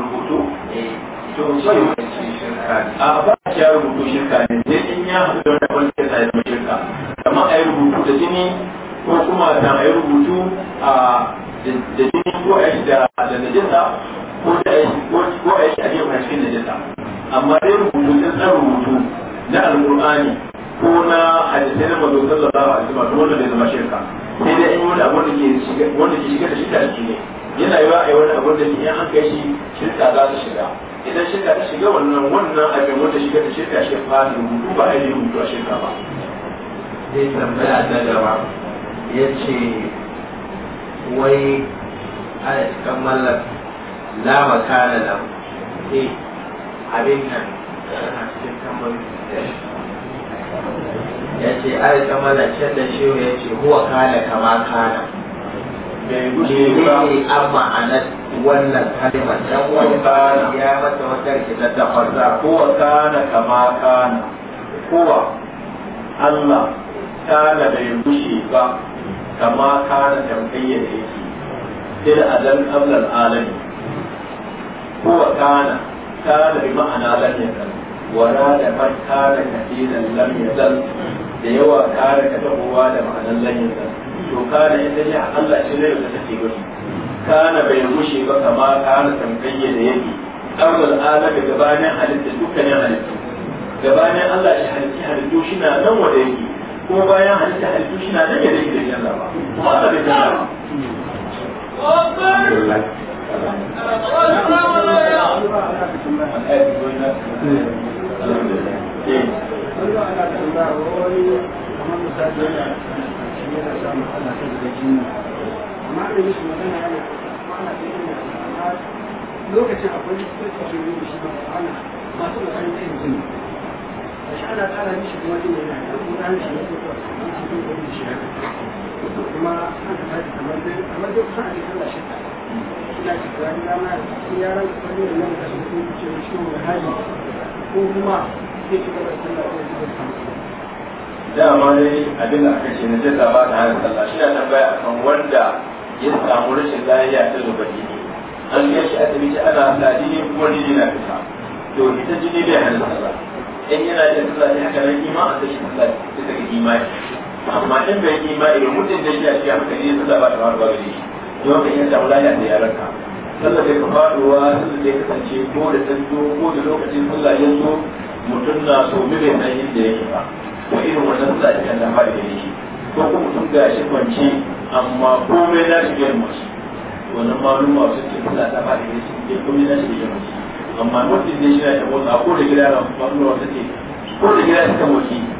rubutu eh, to shirka ne a ba a ya rubutu shirka ne in ya haɗu da wani wani ke sai da shirka kamar a yi rubutu da jini ko kuma da a yi rubutu da jini ko a yi da najisa ko da ko a yi shi a jefa cikin najisa amma dai rubutu sun rubutu na alƙur'ani ko na hadisai na mazo a alaihi wasallam wanda bai zama shirka sai dai in wani abun da ke shiga wanda ke shiga da shirka shi ne yana yi wa a yi wani abun da in an kai shi shirka za su shiga idan shirka ta shiga wannan wannan abin wanda shiga da shirka shi fa da rubutu ba ainihin rubutu a shirka ba zai tambaya ta gaba ya ce wai a mallar lama kana lam eh, abin nan cikin tambayoyi ya ce ai kamala can da shehu ya ce huwa kana kama kana menene an ma'anar wannan kalmar dan wani kana ya mata wata rikita ta farza huwa kana kama kana huwa Allah kana bai bushe ba kama kana tambayyar yake sai da qabla al-alami huwa kana kana bi ma'ana lafiyar yakun wala da man kare kasiran lam yazal da yawa kare ka tabuwa da ma'anan lam yazal to kare ita ne Allah shi ne da take gudu kana bai mushe ba kama kana tamkayya da yake amul alaka gabanin halitta dukkanin halittu gabanin Allah shi halitta halittu shi na nan wanda yake kuma bayan halitta halittu shi na nan yadda yake da janna ba kuma Allah bai janna ba Thank you. lokacin akwai likitoci ke yi shi ba ana masu da kan kai mutum a shi ana tsara mishi kuma jin yana da kuma an shi ne kuma an shi kuma da shi haka kuma an tafi kamar dai kamar dai kusan a cikin da shi ta ina cikin rani dama yaran kuma ne da nan da su kuma ce shi kuma da hali ko kuma zai ci gaba da sallah ko zai Da dama dai abin da aka ce na jaza ba ta hana sallah shi na tambaya akan wanda ya samu rashin lafiya ta zuba jini an yi shi asibiti ana sa jini kuma jini na fita to ita jini bai hana sallah in yana da sallah ne haka nan ima a tashi sallah bisa ga imani amma in bai imani ba mutum da shi a cikin hankali sallah ba ta hana ba gari don ka iya samu lafiya da yaranka sallar da ka faɗuwa sallar da kasance ko da ta zo ko da lokacin sallah ya zo mutum na so bai san yadda yake ba ko irin wannan sallah da kan fara da yake ko kuma mutum ga shi kwance amma komai na shi gyan masu wannan malum ma sun ce sallah ta fara da yake komai na shi gyan masu amma mutum ne shi na da wani ko da gida na faɗuwa ta ce ko da gida ta kan wakili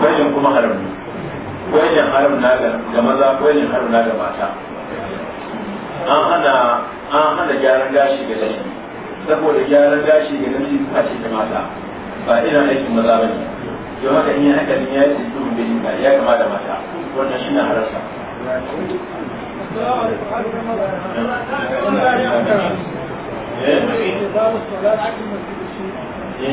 gwajin kuma haram ne gwajin haram na ga maza haram na ga mata an hana an hana gyaran gashi ga namiji saboda gyaran gashi ga namiji ba ce mata ba irin aikin maza ba ne don haka in haka ne ya ce sun bin ka ya kama da mata wannan shi na harasa Yeah. Eh.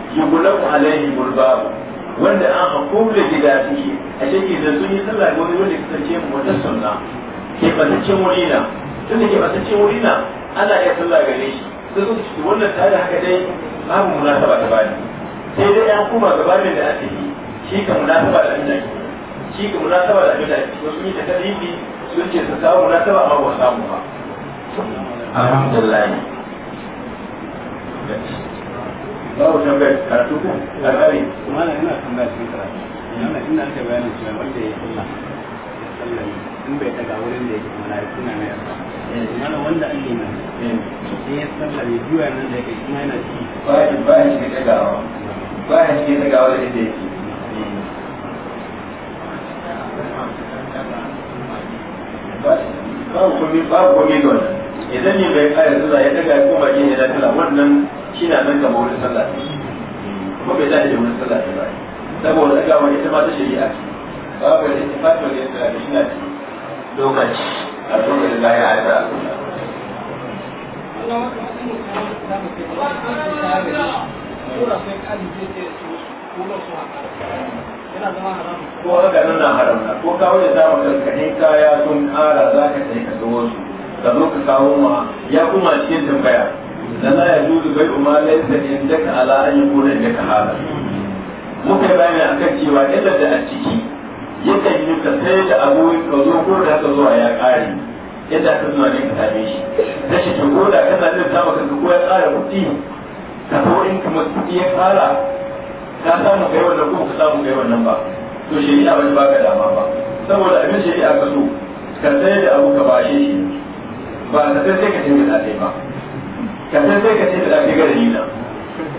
yughlaqu alaihi bulbabu wanda an hakum da gida suke a cikin da sun yi sallah ga wani wanda kasance mu wata sunna ke fasancin wuri tun tunda ke fasancin wuri na ana iya sallah gare shi sai suka ci wannan tare haka dai babu munasaba ta bani sai dai an kuma gabanin da ake yi shi ka munasaba da abin shi ka munasaba da abin da su yi ta kalifi sun ce su kawo munasaba amma ba samu ba alhamdulillah babu tambaya karatu ko ina tambaya cikin karatu ina ina ta cewa wanda ya sallah ya sallah in bai daga wurin da yake mana ya mana wanda an sai ya ya juya nan da yake kuma yana ci bayan bayan shi bayan shi da yake babu babu idan bai kare zuwa ya daga kuma yin wannan shi na nan kama wurin sallah ne kuma bai dace da wurin sallah ne ba saboda aka wani ita ma ta shari'a ce babu da ita fata da ita da shi na ce lokaci a lokacin da ya haifar a kuma ko haka nan na haramta ko kawo da zama karkashin kaya sun ƙara za ka sai ka zo su ka zo ka kawo ma ya kuma cikin tambaya lana ya juzu bai umma laysa indaka ala an yakuna indaka hada muka yi bayani akan cewa illar da a ciki yakan yi ka sai da abu ka ko da ka zuwa ya kare yadda ka zuwa ne ka same na shi ko da kana da samu ka ko ya kara kuɗi in ka kai wannan ko ka samu kai wannan ba dama ba saboda abin shari'a ka ka sai da abu ka bashe shi ba ka sai ka ce ka ba ka san sai ka ce da ɗafi gare ni nan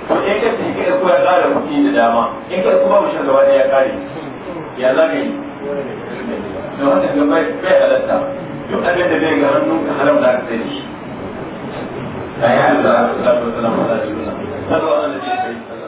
to in ka ce ka ko ya ƙara kuɗi da dama in ka kuma mu shan wani ya ƙare ya za ka yi da ga bai bai halatta duk abin da bai ga hannun ka haram da ka sai shi da ya sallallahu alaihi wa sallam sallallahu alaihi wa sallam